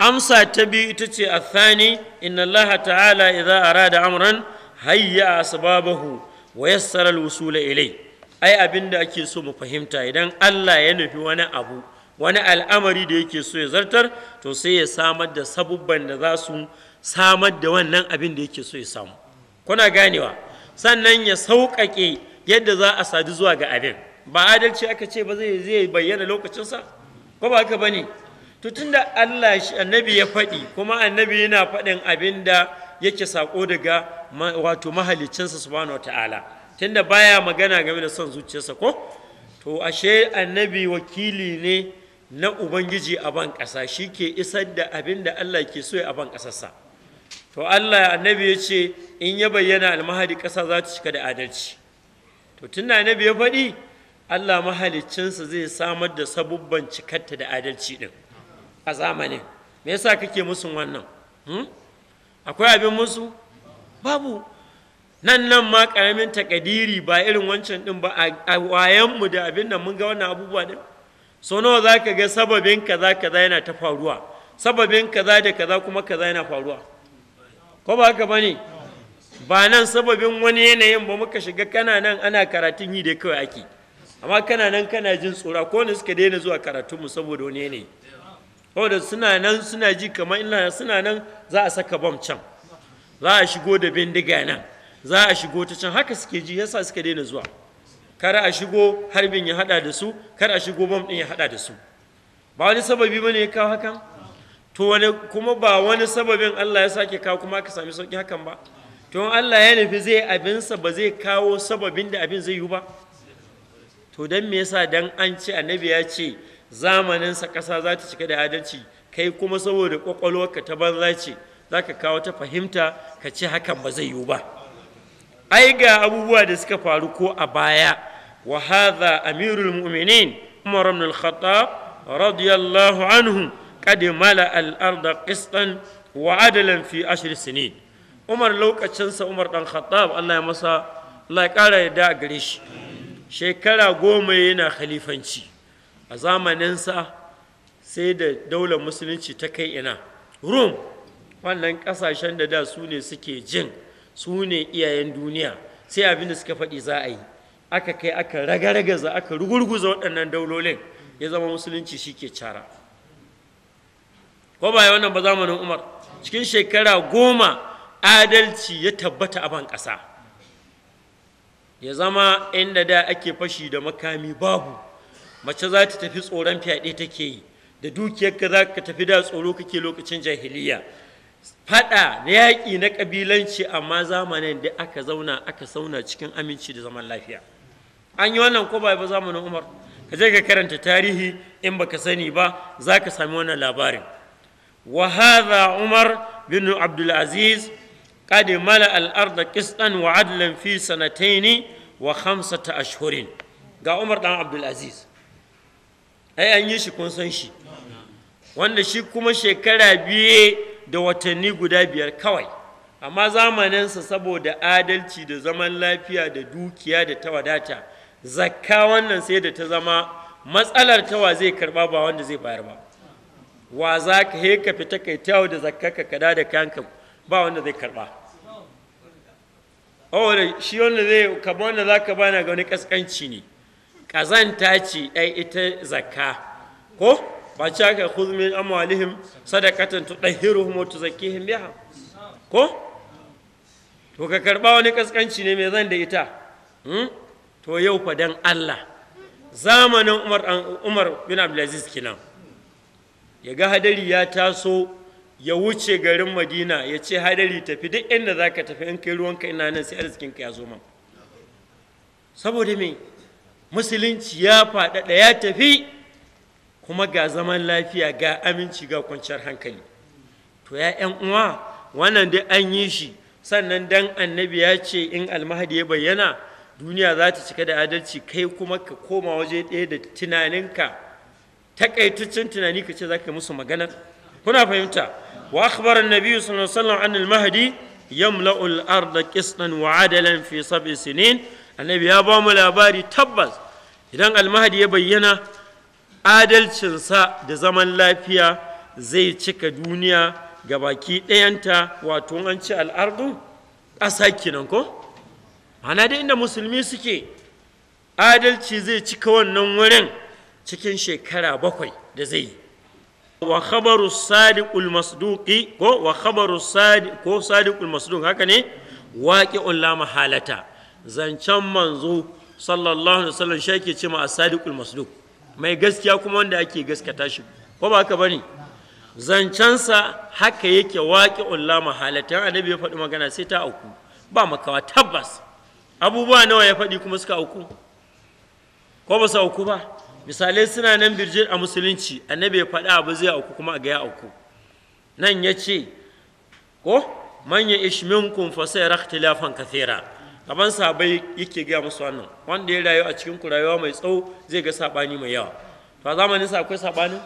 amsa ta biyu ita ce a thani inna Allah ta'ala idza arada amran hayya asbabahu wa yassara al-wusula ilai ai abin da ake so mu fahimta idan Allah ya nufi wani abu wani al'amari da yake so ya zartar to sai ya samar da sabubban da za su samar da wannan abin da yake so ya samu kuna ganewa sannan ya sauƙaƙe yadda za a sadu zuwa ga abin ba adalci aka ce ba zai zai bayyana lokacinsa ko ba haka bane to tunda Allah shi annabi ya faɗi kuma annabi yana faɗin abinda yake sako daga wato mahaliccinsa subhanahu ta'ala tunda baya magana game da son zuciyarsa ko to ashe annabi wakili ne na ubangiji a ban ƙasa shi ke isar da abinda Allah ke so a ban ƙasarsa to Allah annabi ya ce in ya bayyana almahadi ƙasa za ta cika da adalci to tun da annabi ya faɗi Allah mahaliccinsa zai samar da sabubban cikarta da adalci ɗin a zamanin me yasa kake musun wannan hmm? akwai abin musu babu nan nan ma karamin takadiri ba irin wancan ɗin ba a wayanmu da abin nan mun ga wannan abubuwa ɗin so nawa za ka ga sababin kaza kaza yana ta faruwa sababin kaza da kaza kuma kaza yana faruwa ko ba haka ba ne ba nan sababin wani yanayin ba muka shiga kana nan ana karatun yi da kawai ake amma kana nan kana jin tsura ko ne suka daina zuwa karatunmu saboda wani yanayi saboda suna nan suna ji kamar ina suna nan za a saka bam can za a shigo da bindiga nan za a shigo ta can haka suke ji yasa suka daina zuwa kar a shigo harbin ya hada da su kar a shigo bam din ya hada da su ba wani sababi bane ya kawo hakan to wani kuma ba wani sababin Allah ya sake kawo kuma aka sami sauki hakan ba to Allah ya nufi zai abinsa ba zai kawo sababin da abin zai yi ba to don me yasa dan an ce annabi ya ce zamaninsa ƙasa za ta cika da adalci kai kuma saboda ƙwaƙwalwarka ta banza ce za ka kawo ta fahimta ka ce hakan ba zai yiwu ba ai ga abubuwa da suka faru ko a baya wa hadha amirul mu'minin umar ibn al-khattab radiyallahu anhu qad mala al-ardh qistan wa adalan fi ashr sinin umar lokacinsa umar ɗan khattab allah ya masa laƙara ya da a gare shi shekara goma yana khalifanci a zamaninsa sai da daular musulunci ta kai ina rum wannan ƙasashen da da su ne suke jin su ne iyayen duniya sai abin da suka faɗi za a yi aka kai aka raga-raga za, aka rugurguza waɗannan daulolin ya zama musulunci shi ke cara ko ba ya wannan ba zamanin umar cikin shekara goma adalci ya tabbata a ban ƙasa ya zama inda da ake fashi da makami babu mace za ta tafi tsoron fyaɗe take yi da dukiyarka za ka tafi da tsoro kake lokacin jahiliya faɗa na yaƙi na ƙabilanci amma zamanin da aka zauna aka sauna cikin aminci da zaman lafiya an yi wannan ko ba ba zamanin umar ka je ka karanta tarihi in baka sani ba za ka sami wannan labarin wa umar bin abdulaziz قد ملأ الأرض قسطا وعدلا في سنتين وخمسة أشهر ga Umar dan Abdulaziz ai an yi shi kun san shi wanda shi kuma shekara biye da watanni guda biyar kawai amma zamaninsa saboda adalci da zaman lafiya da dukiya da ta wadata zakka wannan sai da ta zama matsalar tawa zai karba ba wanda zai bayar ba wa za ka heka fita kai tawo da zakka ka kada da kanka ba wanda zai karba awara shi wanda zai kama wanda za ka bana ga wani kaskanci ne ƙazanta ce ɗai ita zakka ko ba ci aka kuzmin amalihim sadakatan tu tu zaki, tuzakkihim biya ko to ka karba wani kaskanci ne mai zan da ita hmm? to yau fa dan Allah zamanin Umar Umar bin Abdulaziz kinan ya ga hadari ya taso ya wuce garin madina ya ce hadari tafi duk inda za ka tafi in kai ruwanka ina nan sai arzikinka ya zo man saboda me musulunci ya faɗaɗa ya tafi kuma ga zaman lafiya ga aminci ga kwanciyar hankali to ya ‘yan uwa wannan dai an yi shi sannan dan annabi ya ce in almahadi ya bayyana duniya za ta cika da adalci kai kuma ka koma waje ɗaya da tunaninka takaitaccen tunani ka ce za ka musu magana kuna fahimta وأخبر النبي صلى الله عليه وسلم عن المهدي يملأ الأرض قسطا وعدلا في سبع سنين النبي يا بام الأباري تبز إذن المهدي adalcinsa da zaman lafiya zai cika duniya ga baki ɗayanta wato an ci al'ardu ƙasa kenan ko ana da inda musulmi suke adalci zai cika wannan wurin cikin shekara bakwai da zai yi wa khabaru sadiqul masduqi ko wa khabaru sadi ko sadiqul masduq haka ne waqi'un la mahalata zancen manzo sallallahu alaihi wasallam shi yake cewa sadiqul masduq mai gaskiya kuma wanda ake gaskata shi ko ba haka bane zancensa haka yake waqi'un la mahalata annabi ya faɗi magana sai ta auku ba makawa tabbas abubuwa nawa ya faɗi kuma suka auku ko ba su auku ba misalai suna nan birjin a musulunci annabi ya faɗa abu zai auku kuma a gaya ya auku nan ya ce ko manya fasa ya rakta lafan kathira kaman sabai yake gaya musu wannan wanda ya rayu a cikin ku rayuwa mai tsawo zai ga sabani mai yawa to a zamanin sa akwai sabani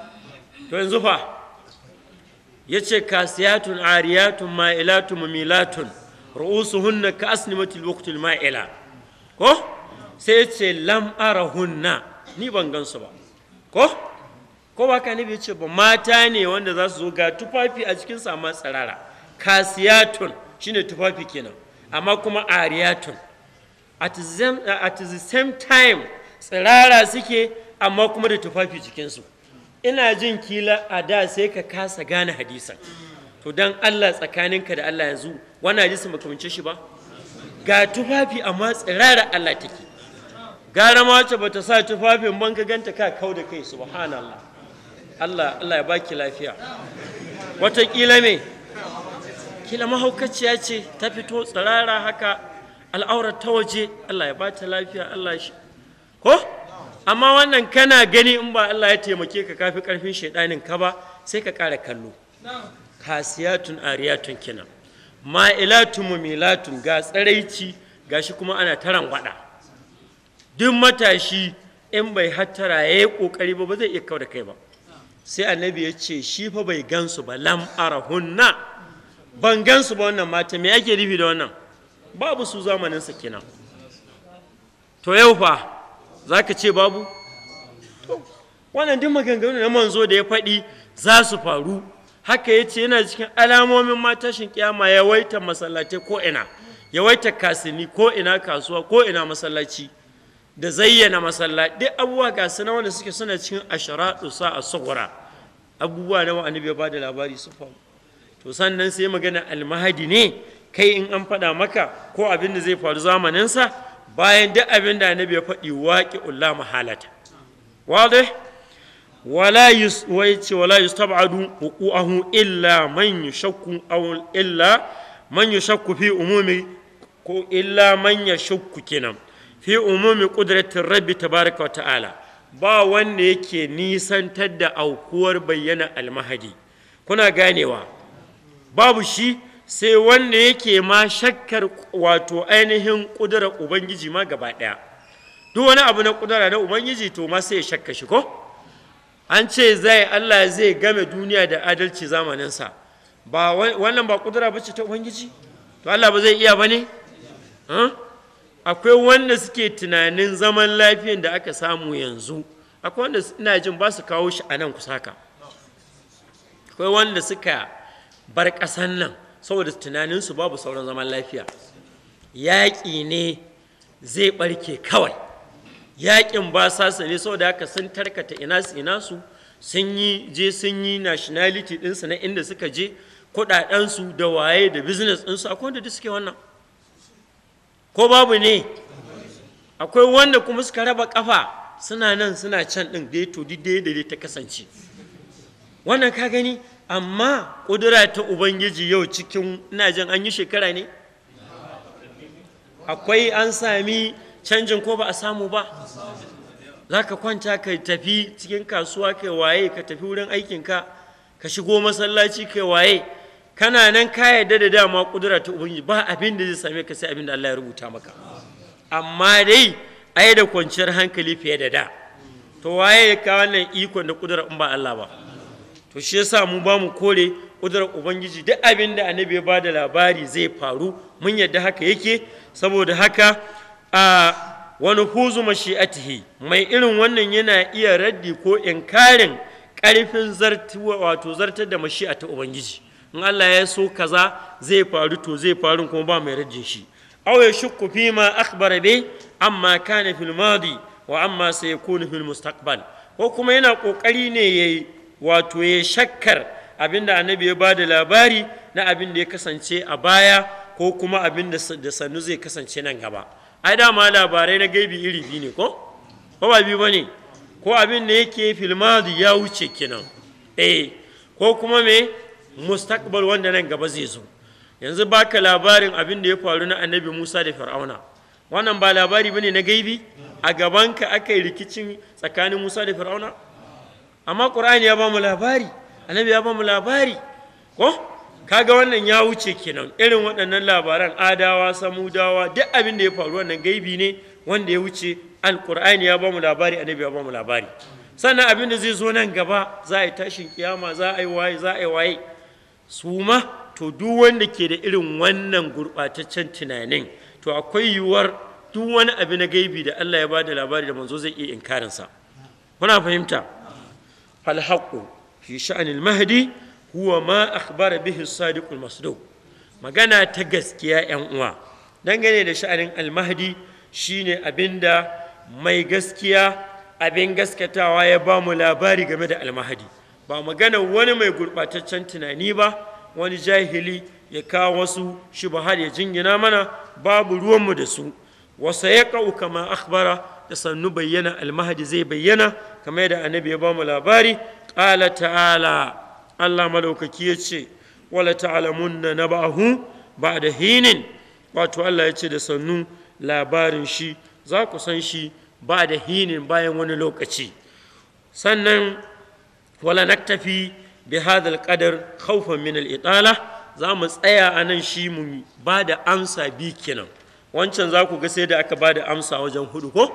to yanzu fa ya yace kasiyatun ariyatun ma'ilatun mumilatun ru'usuhunna ka asnimatil waqtil ma'ila ko sai ce lam arahunna ni ban gansu ba ko ko ba ka nabi ce ba mata ne wanda za su zo ga tufafi a cikin sa amma tsirara kasiyatun shine tufafi kenan amma kuma ariyatun at the same time tsirara suke amma kuma da tufafi jikinsu ina jin kila a da sai ka kasa gane hadisan to dan Allah tsakaninka da Allah yanzu wannan hadisin baka mince shi ba ga tufafi amma tsirara Allah take gara mace ba ta sa tufafin ban ka ganta ka kau da kai subhanallah Allah Allah ya baki lafiya kila me kila mahaukaciya ce ta fito tsirara haka al'aurar ta waje Allah ya bata lafiya Allah shi ko amma wannan kana gani in ba Allah ya taimake ka kafi karfin shaidanin ka ba sai ka kara kallo kasiyatun ariyatun kenan ma'ilatun mumilatun ga tsaraici gashi kuma ana taran gwada duk matashi in bai hattara ya yi ƙoƙari ba ba zai iya kawar da kai ba sai annabi ya ce shi fa bai gansu ba lam arahunna ban gansu ba wannan mata me ake nufi da wannan babu su zamanin sa kenan to yau fa za ka ce babu wannan duk maganganu na manzo da ya faɗi za su faru haka ya ce yana cikin alamomin matashin kiyama yawaita masallatai ko ina yawaita kasini ko ina kasuwa ko ina masallaci da zayyana masallaci duk abubuwa ga su na wanda suke suna cikin asharatu sa a sugura abubuwa na annabi ya bada labari su faru to sannan sai magana almahadi ne kai in an faɗa maka ko abin da zai faru zamaninsa bayan duk abin da annabi ya faɗi waƙi ulla mahalata wadai wala yus wala yustab'adu huquqahu illa man yushakku aw illa man yushakku fi umumi ko illa man yashakku kinan. fi umumi qudratir rabbi tabaraka wa ta'ala ba wanda yake nisantar da aukuwar bayyana almahadi kuna ganewa babu shi sai wanda yake ma shakkar wato ainihin ƙudurar ubangiji ma gaba ɗaya duk wani abu na ƙudura na ubangiji to ma sai ya shakka shi ko an ce zai allah zai game duniya da adalci zamaninsa ba wannan ba ƙudura ba ce ta ubangiji to allah ba zai iya ba ne? akwai wanda suke tunanin zaman lafiyan da aka samu yanzu akwai wanda ina jin ba su kawo shi a nan kusa ka akwai wanda suka bar ƙasan nan saboda tunanin su babu sauran zaman lafiya yaƙi ne zai ɓarke kawai yaƙin ba sasa ne saboda haka sun tarkata ina su ina su sun yi je sun yi nationality ɗinsu na inda suka je kuɗaɗensu da waye da business ɗinsu akwai wanda duk suke wannan ko babu ne akwai wanda kuma suka raba kafa suna nan suna can ɗin dai to daidai da ta kasance wannan ka gani amma ƙudura ta ubangiji yau cikin ina jin an yi shekara ne akwai an sami canjin ko ba a samu ba za ka kwanta ka tafi cikin kasuwa kai waye ka tafi wurin aikinka ka shigo masallaci kai waye kana nan ka yarda da dama kudura ta ubangiji ba abin da zai same ka sai abin da Allah ya rubuta maka amma dai ai da kwanciyar hankali fiye da da to waye ya ka wannan ikon da kudura in ba Allah ba to shi yasa mu ba mu kore kudura ubangiji duk abin da annabi ya bada labari zai faru mun yarda haka yake saboda haka a wani huzu mashi'atihi mai irin wannan yana iya raddi ko inkarin karfin wato zartar da ta ubangiji in Allah ya so kaza zai faru to zai faru kuma ba mai rajin shi aw yashukku fi ma akhbara bi amma kana fil madi wa amma sayakunu fil mustaqbal ko kuma yana kokari ne yayi wato ya shakkar abinda annabi ya bada labari na abin ya kasance a baya ko kuma abin da sannu zai kasance nan gaba ai dama labarai na gaibi iri biyu ne ko ko ba biyu bane ko abin da yake madi ya wuce kenan eh ko kuma me mustaqbal wanda nan gaba zai zo yanzu baka labarin abin da ya faru na annabi Musa da Fir'auna wannan ba labari bane na gaibi a gabanka aka yi rikicin tsakanin Musa da Fir'auna amma Qur'ani ya ba mu labari annabi ya ba mu labari ko kaga wannan ya wuce kenan irin waɗannan labaran adawa samudawa duk abin da ya faru wannan gaibi ne wanda ya wuce alkur'ani ya ba mu labari annabi ya ba mu labari sannan abin da zai zo nan gaba za a yi tashin kiyama za a yi waye za a yi waye su ma to duk wanda ke da irin wannan gurɓataccen tunanin to akwai yiwuwar duk wani abu na gaibi da Allah ya ba da labari da manzo zai iya inkarinsa muna fahimta falhaqqu fi sha'anil mahdi huwa ma akhbara bihi sadiqul masduq magana ta gaskiya yan uwa dangane da sha'anin almahdi shine abinda mai gaskiya abin gaskatawa ya ba mu labari game da al-mahdi. ba magana wani mai gurɓataccen tunani ba wani jahili ya kawo wasu shi ba har ya jingina mana babu ruwanmu da su wasa ya ƙa'u kama akbara da sannu bayyana almahadi zai bayyana kamar yadda annabi ya ba mu labari ƙala ta'ala allah malaukaki ya ce wala ta'alamunna na ba'ahu ba da hinin wato allah ya ce da sannu labarin shi za ku san shi ba da hinin bayan wani lokaci sannan wala naktafi bi hadal qadar khawfan min al za mu tsaya a nan shi mu ba da amsa bi kenan wancan za ku ga sai da aka ba da amsa wajen hudu ko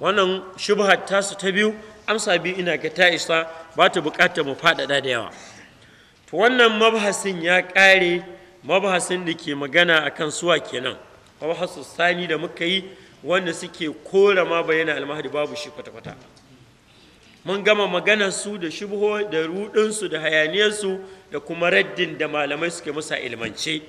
wannan shubha tasu ta biyu amsa bi ina ga ta isa ba ta bukata mu faɗaɗa da yawa to wannan mabhasin ya kare mabhasin da ke magana akan suwa kenan mabhasu sani da muka yi wanda suke kora ma bayyana almahdi babu shi kwata-kwata mun gama su, da shubho da rudinsu da hayaniyarsu da kuma raddin da malamai suke musa ilmance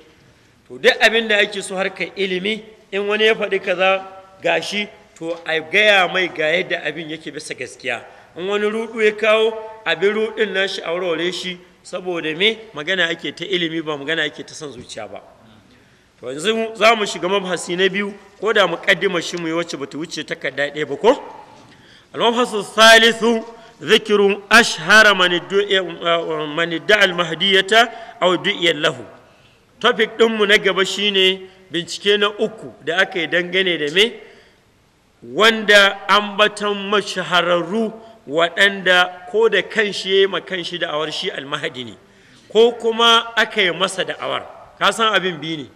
to duk abin da ake so harkar ilimi in wani ya faɗi kaza gashi to a gaya mai ga yadda abin yake bisa gaskiya in wani rudu ya kawo abin rudin nashi a warware shi saboda me magana ake ta ilimi ba magana ake ta son zuciya ba to yanzu za mu shiga mabhasi na biyu ko da mu kaddima shi mu yi wacce bata wuce takarda ɗaya ba ko المبحث الثالث ذكر أشهر من الدعاء من الدعاء المهدية أو دعاء له topic na gaba shine bincike na uku da aka yi dangane da me wanda ambatan mashahararru waɗanda ko da kanshi ya yi makanshi da'awar shi almahadi ne ko kuma aka yi masa da'awar ka san abin biyu ne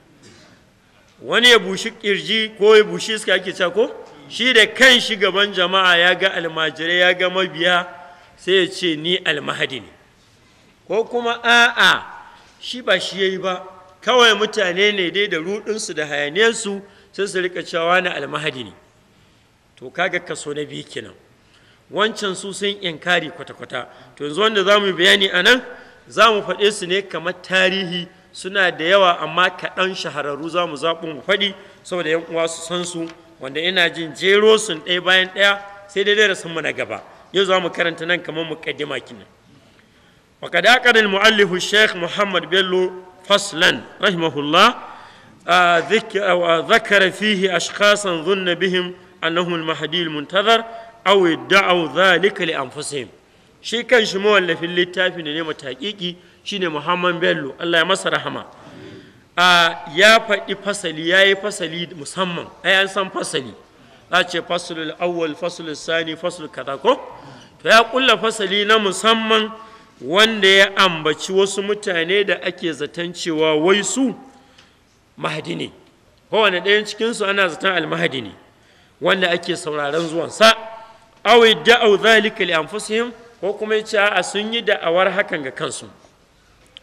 wani ya bushi ƙirji ko ya bushi iska ake ko shi da kan shi gaban jama'a ya ga almajirai ya ga mabiya sai ya ce ni almahadi ne ko kuma a'a shi ba shi ya yi ba kawai mutane ne dai da ruɗinsu da hayaniyarsu sai su rika cewa na almahadi ne to kaga kaso na biyu kenan wancan su sun inkari kwata-kwata to yanzu wanda za mu bayani a nan za mu faɗe su ne kamar tarihi suna da yawa amma kaɗan shahararru za mu zaɓi mu faɗi saboda yan uwa su san su wanda ina jin jero sun ɗaya bayan ɗaya sai dai darasin mu na gaba yau za mu karanta nan kamar muqaddima kinan wa qad aqada al muallif shaykh muhammad bello faslan rahimahullah ذكر فيه أشخاصا ظن بهم أنهم المهدي المنتظر أو ادعوا ذلك لأنفسهم shi kan shi mawallafin littafin da ne mataki shi ne muhammad bello allah ya masa rahma. ya faɗi fasali ya yi fasali musamman ai an san fasali za ce fasulul awwal fasulul sani fasul kaza ko to ya kulla fasali na musamman wanda ya ambaci wasu mutane da ake zaton cewa wai su mahadi ne kowane ɗayan cikinsu ana zaton almahadi ne wanda ake sauraron zuwansa awai da'au zalika li anfusihim ko kuma ya ce a sun yi da'awar hakan ga kansu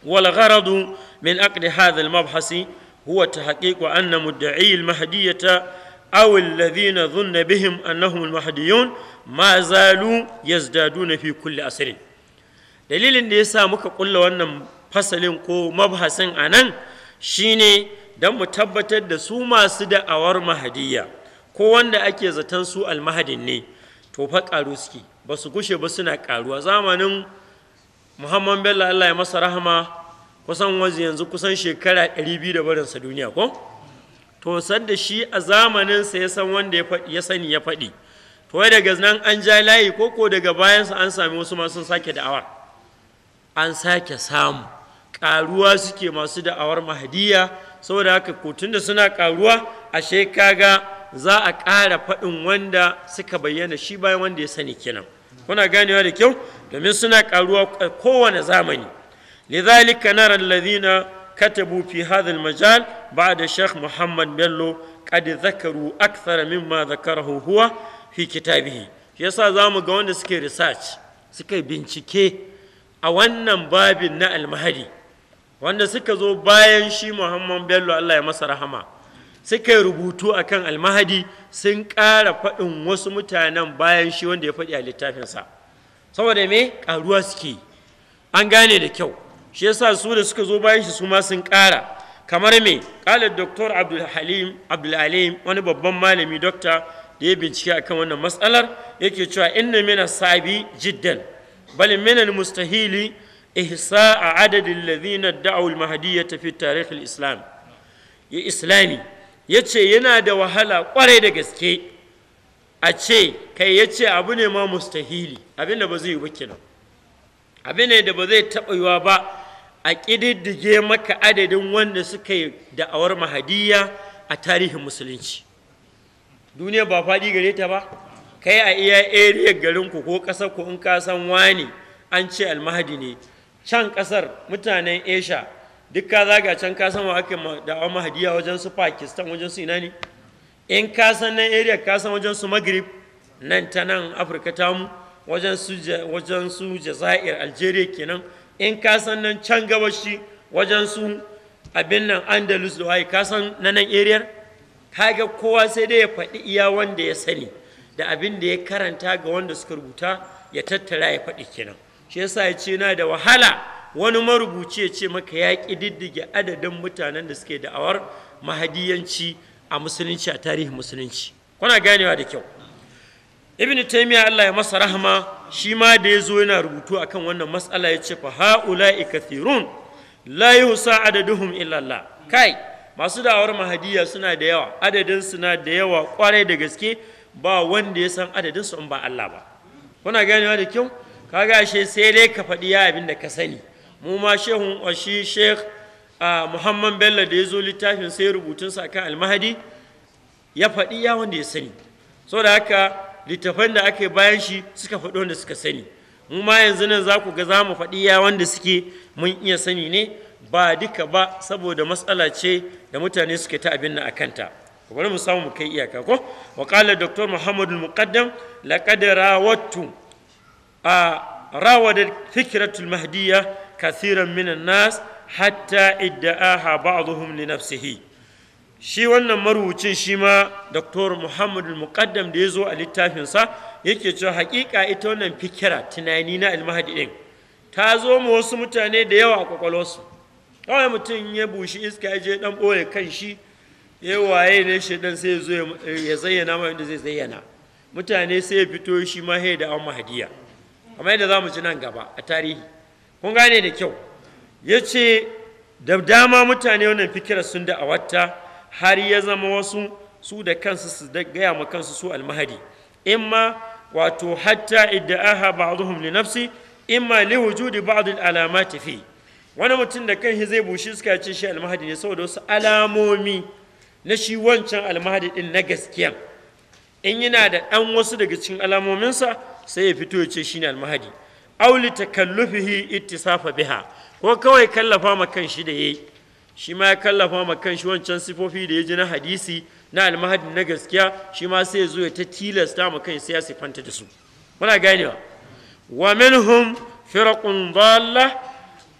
wal gharadu min aqdi hadhal mabhasi huwa tahqiqu anna mudda'i al mahdiyata aw alladhina dhunna bihim annahum al mahdiyun ma zalu yazdaduna fi kulli asrin dalilin da yasa muka ƙulla wannan fasalin ko mabhasin anan shine dan mu tabbatar da su masu da'awar awar mahdiya ko wanda ake zaton su al mahdin ne to fa qaru suke basu gushe ba suna qaruwa zamanin muhammad bello allah ya masa rahama kusan wazi yanzu kusan shekara 200 da barinsa duniya ko to sadda shi a zamaninsa ya san wanda ya sani ya faɗi to wai daga nan an ja layi ko ko daga bayansa an sami wasu masu sake da'awa an sake samu ƙaruwa suke masu da'awar mahadiya saboda haka ko tunda suna ƙaruwa a shekaga za a ƙara faɗin wanda suka bayyana shi bayan wanda ya sani kenan kuna ganewa da kyau domin suna karuwa kowane zamani lidhalika nara alladhina katabu fi hadha almajal ba'da shaykh muhammad bello qad zakaru akthar mimma zakarahu huwa fi kitabihi yasa zamu ga wanda suke research suka bincike a wannan babin na almahadi wanda suka zo bayan shi muhammad bello Allah ya masa rahama suka rubutu akan almahadi sun ƙara faɗin wasu mutanen bayan shi wanda ya faɗi a littafinsa saboda me ƙaruwa suke an gane da kyau shi yasa su da suka zo bayan shi su ma sun ƙara kamar me ƙala doktor abdulhalim abdulalim wani babban malami dokta da ya bincike akan wannan matsalar yake cewa inna mina sabi jiddan bal minan mustahili a adadin lazina da'u al-mahdiyyata fi tarikh islam ya islami ya ce yana da wahala kwarai da gaske a ce kai ya ce abu ne ma mustahili abin da ba zai yi ba abin ne da ba zai taɓa yiwa ba a ƙididdige maka adadin wanda suka yi da'awar mahadiyya a tarihin musulunci duniya ba faɗi gare ta ba kai a iya eriyar garinku ko ƙasar ku in ka san wani an ce almahadi ne can ƙasar mutanen asia. duk ka zaga can ka san wa aka da'awa mahadiya wajen su pakistan wajen su ina ne in ka san nan area ka san wajen su maghrib nan ta nan afirka ta mu wajen su wajen su jazair algeria kenan in ka san nan can gabashi wajen su abin nan andalus da waye ka san na nan area kaga kowa sai dai ya faɗi iya wanda ya sani da abin da ya karanta ga wanda suka rubuta ya tattara ya faɗi kenan shi yasa ya ce na da wahala wani marubuci ya ce maka ya ƙididdige adadin mutanen da suke da'awar mahadiyanci a musulunci a tarihin musulunci kuna ganewa da kyau ibn taimiya Allah ya masa rahama shi ma da ya zo yana rubutu a kan wannan matsala ya ce fa haula'i kathirun la yusa adaduhum illa Allah kai masu da'awar mahadiya suna da yawa adadin suna da yawa kwarai da gaske ba wanda ya san adadin su in ba Allah ba kuna ganewa da kyau kaga ashe sai dai ka faɗi ya abin da ka sani mu ma shehun shi sheikh muhammad bello da ya zo littafin sai rubutunsa kan almahadi ya faɗi ya wanda ya sani saboda haka littafan da aka yi bayan shi suka faɗi wanda suka sani mu ma yanzu nan za ku ga za mu faɗi ya wanda suke mun iya sani ne ba duka ba saboda matsala ce da mutane suke ta abin nan a kanta bari mu samu mu kai iyaka ko wa qala dr muhammad al muqaddam laqad rawattu a fikratul mahdiyya كثيرا minan nas hatta ادعاها بعضهم لنفسه nafsihi shi wannan marubucin shi ma Dr. Muhammad Muqaddam da ya zo a littafinsa yake cewa hakika ita wannan fikira tunani na almahadi din ta zo ma wasu mutane da yawa a kwakwalwarsu kawai mutum ya bushi iska ya je dan ɓoye kan shi ya waye ne shi dan sai zo ya zayyana ma inda zai zayyana mutane sai ya fito shi ma da an mahadiya kamar yadda za mu ci nan gaba a tarihi kun gane da kyau ya ce da dama mutane wannan fikirar sun da awatta har ya zama wasu su da kansu su gaya ma kansu su almahadi ma wato hatta idda aha ba'dhum li nafsi imma li wujudi ba'd al-alamat fi wani mutum da kan zai bushi suka ce shi almahadi ne saboda wasu alamomi na shi wancan almahadi din na gaskiya in yana da ɗan wasu daga cikin alamominsa sai ya fito ya ce shi ne almahadi aw li takallufihi ittisafa biha ko kawai kallafa ma shi da yayi shi ma ya kallafa ma shi wancan sifofi da ya ji na hadisi na almahadi na gaskiya shi ma sai ya zo ya ta tilasta ma kan sai ya sifanta da su muna ganewa wa minhum firaqun dalla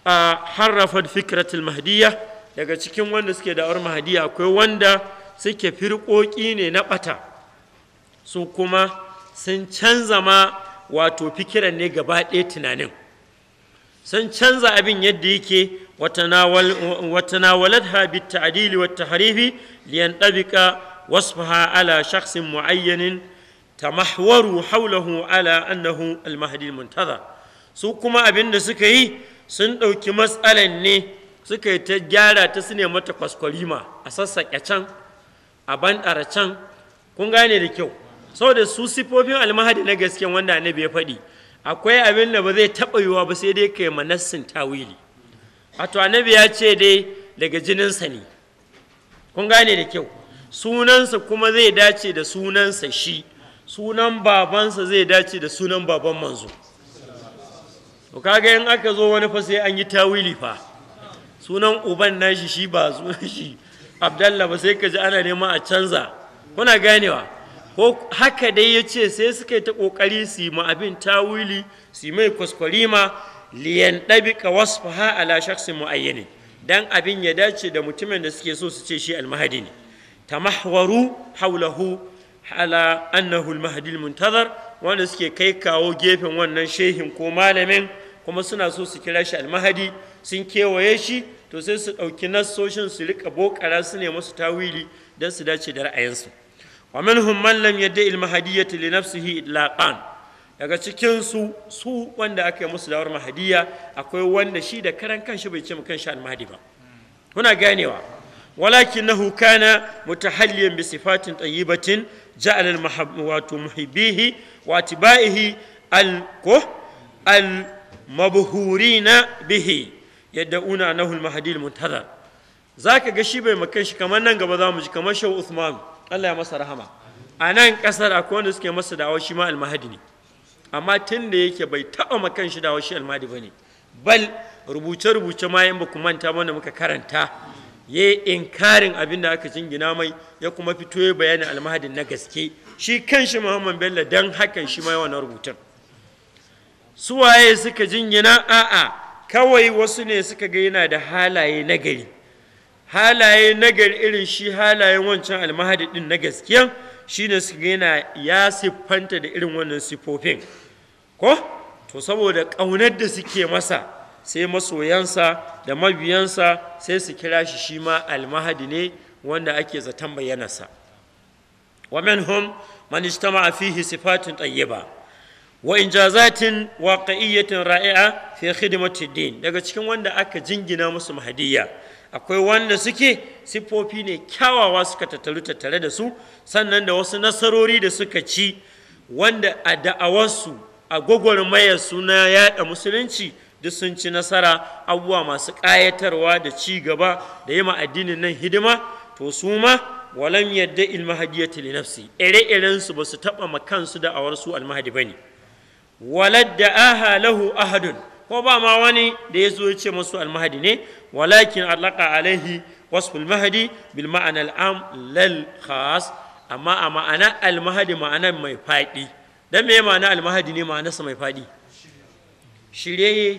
harrafat fikratul mahdiyya daga cikin wanda suke da'awar mahdiya akwai wanda suke firƙoƙi ne na bata su kuma sun canza ma wato fikiran ne gaba ɗaya tunanin sun canza abin yadda yake watanawalat ha bi ta'dili wa tahrifi liyan ɗabika wasfaha ala shakhsin mu'ayyanin tamahwaru haulahu ala annahu almahdi muntaza su kuma abin da suka yi sun ɗauki matsalan ne suka yi ta gyara ta su mata kwaskwarima a sassaƙe can a banɗara can kun gane da kyau saboda su sifofin almahadi na gaske wanda annabi ya faɗi akwai abin da ba zai taɓa yiwuwa ba sai dai kai manassin tawili wato annabi ya ce dai daga jininsa ne kun gane da kyau sunansa kuma zai dace da sunansa shi sunan babansa zai dace da sunan baban manzo to kaga in aka zo wani fa sai an yi tawili fa sunan uban nashi shi ba sunan shi abdallah ba sai ka ji ana nema a canza kuna ganewa ko haka dai ya ce sai suka yi ta ƙoƙari su yi ma abin tawili su yi mai kwaskwarima liyan ɗabiƙa wasu faha ala shaksin mu'ayyani dan abin ya dace da mutumin da suke so su ce shi almahadi ne tamahwaru haulahu ala annahu almahdi almuntazar wanda suke kai kawo gefen wannan shehin ko malamin kuma suna so su kira shi almahadi sun kewaye shi to sai su ɗauki nassoshin su riƙa bokara su ne masu tawili don su dace da ra'ayinsu ومنهم من لم يدع yadda لنفسه li daga cikin su su wanda aka yi musu dawar mahadiya akwai wanda shi da karan kanshi bai ce kanshi almahdi ba kuna ganewa walakinahu kana mutahalliyan bi sifatin tayyibatin ja'ala al wato muhibbihi wa tibaihi al ko al mabhurina bihi yadda una al mahdi al muntazar zaka ga shi bai makan shi kamar nan gaba zamu ji kamar shau usman. Allah ya masa rahama a nan ƙasar akwai wanda suke masa da'awar shi ma almahadi ne amma tun da yake bai taɓa makan shi da'awar shi almahadi ba ne bal rubuce-rubuce ma yin baku manta mana muka karanta ya yi inkarin abin da aka jingina mai ya kuma fito ya bayanin almahadin na gaske shi kan shi muhammad bello don hakan shi ma na rubutun suwaye suka jingina a'a kawai wasu ne suka ga yana da halaye na gari halaye nagari irin shi halayen wancan almahadi din na gaskiyan ne suka gina ya siffanta da irin wannan siffofin ko to saboda ƙaunar da suke masa sai masoyansa da mabiyansa sai su kira shi shi ma almahadi ne wanda ake zaton bayyanarsa wa hum man ijtama'a fihi sifatun tayyiba wa injazatin waqi'iyatin ra'i'a fi khidmati din daga cikin wanda aka jingina musu mahadiyya akwai wanda suke siffofi ne kyawawa suka tattaru tattare da su sannan da wasu nasarori da suka ci wanda a da'awarsu a maya suna yaɗa musulunci duk sun ci nasara abubuwa masu ƙayatarwa da ci gaba da yi addinin nan hidima to su ma walam yadda ilmahadiyati li nafsi ire-irensu ba su taɓa makansu da'awarsu almahadi ba ne walad da aha lahu ahadun ko ba ma wani da ya zo ya ce masu almahadi ne walakin alaka alaihi wasu mahadi bil ma'ana al'am lal khas amma a ma'ana almahadi ma'ana mai faɗi dan me ma'ana almahadi ne ma'anarsa mai faɗi shirye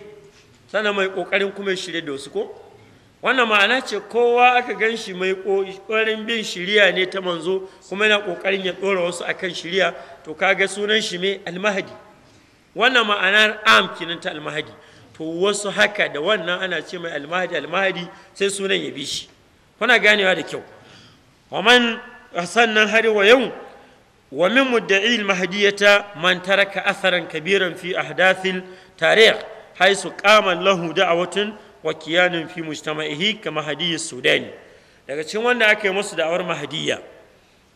sana mai kokarin kuma shirye da wasu ko wannan ma'ana ce kowa aka gan shi mai kokarin bin shiriya ne ta manzo kuma yana kokarin ya dora wasu akan shiriya to kaga sunan shi mai almahadi wannan ma'anar am kinan ta almahadi to wasu haka da wannan ana ce mai almahadi almahadi sai sunan ya bi shi kuna ganewa da kyau waman sannan har wa yau wa min mudda'i almahdiyata man taraka atharan kabiran fi ahdathil tarikh haisu qama lahu da'watun wa kiyanun fi mujtama'ihi kama hadiyyi sudani daga cikin wanda aka yi musu da'awar mahadiyya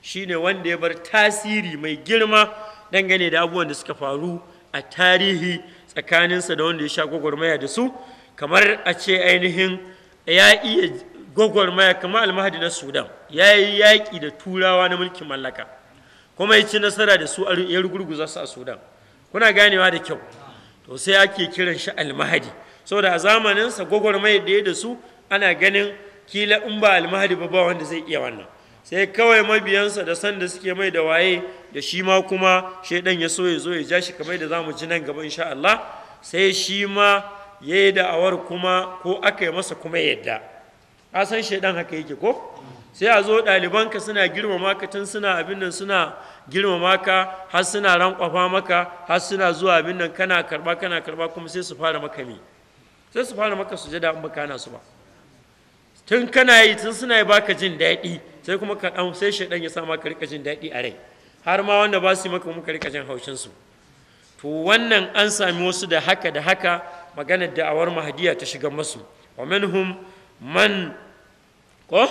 shine wanda ya bar tasiri mai girma dangane da abubuwan da suka faru a tarihi tsakaninsa da wanda ya sha gwagwarmaya da su kamar a ce ainihin ya iya gwagwarmaya kamar almahadi na sudan ya yi yaƙi da turawa na mulkin mallaka kuma ya ci nasara da su ya rugurguza su a sudan kuna ganewa da kyau to sai ake kiran shi almahadi saboda a zamaninsa gwagwarmaya da ya da su ana ganin kila in ba almahadi ba ba wanda zai iya wannan sai kawai mabiyansa da sanda suke mai da waye da shi ma kuma shaidan ya so ya zo ya ja shi kamar da zamu ji nan gaba insha Allah sai shi ma ya yi da'awar kuma ko aka yi masa kuma yadda a san shaidan haka yake ko sai a zo ɗalibanka suna girmama ka tun suna abin nan suna girmama ka har suna rankwafa maka har suna zuwa abin nan kana karba kana karba kuma sai su fara maka me sai su fara maka jada in baka na su ba tun kana yi tun suna yi baka jin daɗi sai kuma ka dan sai shaɗan ya sama ka rika jin daɗi a rai har ma wanda ba su yi maka muka rika jin haushin su to wannan an sami wasu da haka da haka maganar awar mahadiya ta shiga masu wa minhum man ko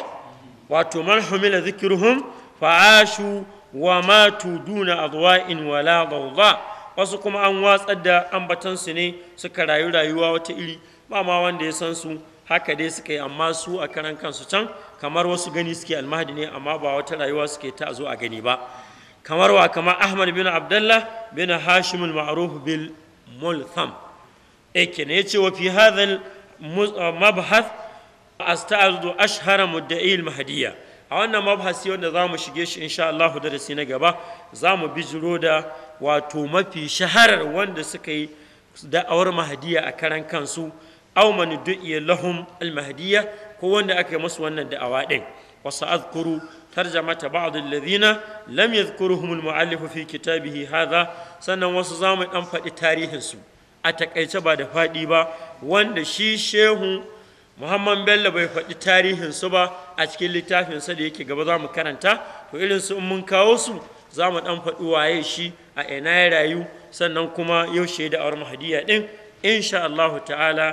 wato man humila zikruhum ashu wa matu duna adwa'in wala dawda wasu kuma an watsar da ambatansu ne suka rayu rayuwa wata iri ba ma wanda ya san su haka dai suka yi amma su a karan kansu can kamar wasu gani suke almahadi ne amma ba wata rayuwa suke ta zo a gani ba kamar wa kamar ahmad bin abdullah bin hashim al-ma'ruf bil multham ake eh, ne yace wa fi hadha uh, mabhath asta'udu ashhara mudda'i al-mahdiyya a wannan mabhasi wanda za mu shige shi insha Allah darasi na gaba za mu bijiro da wato mafi shaharar wanda suka yi da'awar mahadiya a karan kansu aw man du'iya lahum al-mahdiyya ko wanda aka yi musu wannan da'awa din wa sa'adhkuru tarjamata ba'd alladhina lam yadhkuruhum al-mu'allif fi kitabihi hadha sannan wasu zamu dan faɗi tarihin su a takaice ba da faɗi ba wanda shi shehu Muhammad Bello bai faɗi tarihin su ba a cikin littafin sa da yake gaba za mu karanta to irin su in mun kawo su za mu dan faɗi waye shi a ina ya rayu sannan kuma yaushe da awar mahdiya din insha Allah ta'ala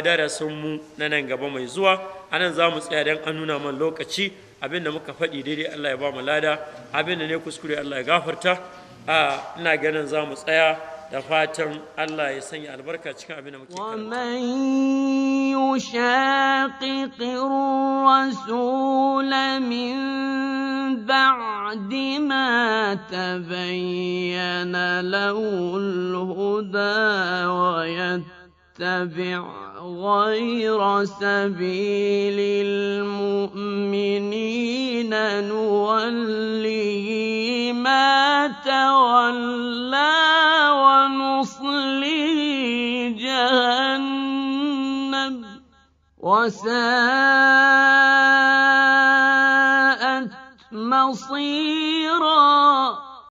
a mu na nan gaba mai zuwa a nan za mu tsaya don an nuna man lokaci abin da muka faɗi daidai Allah ya ba mu lada abin da ne kuskure Allah ya gafarta a ina ganin za mu tsaya da fatan Allah ya sanya albarka cikin abin da muke karanta. بعد ما تبين له الهدى ويتبع تتبع غير سبيل المؤمنين نوله ما تولى ونصله جهنم وساءت مصيرا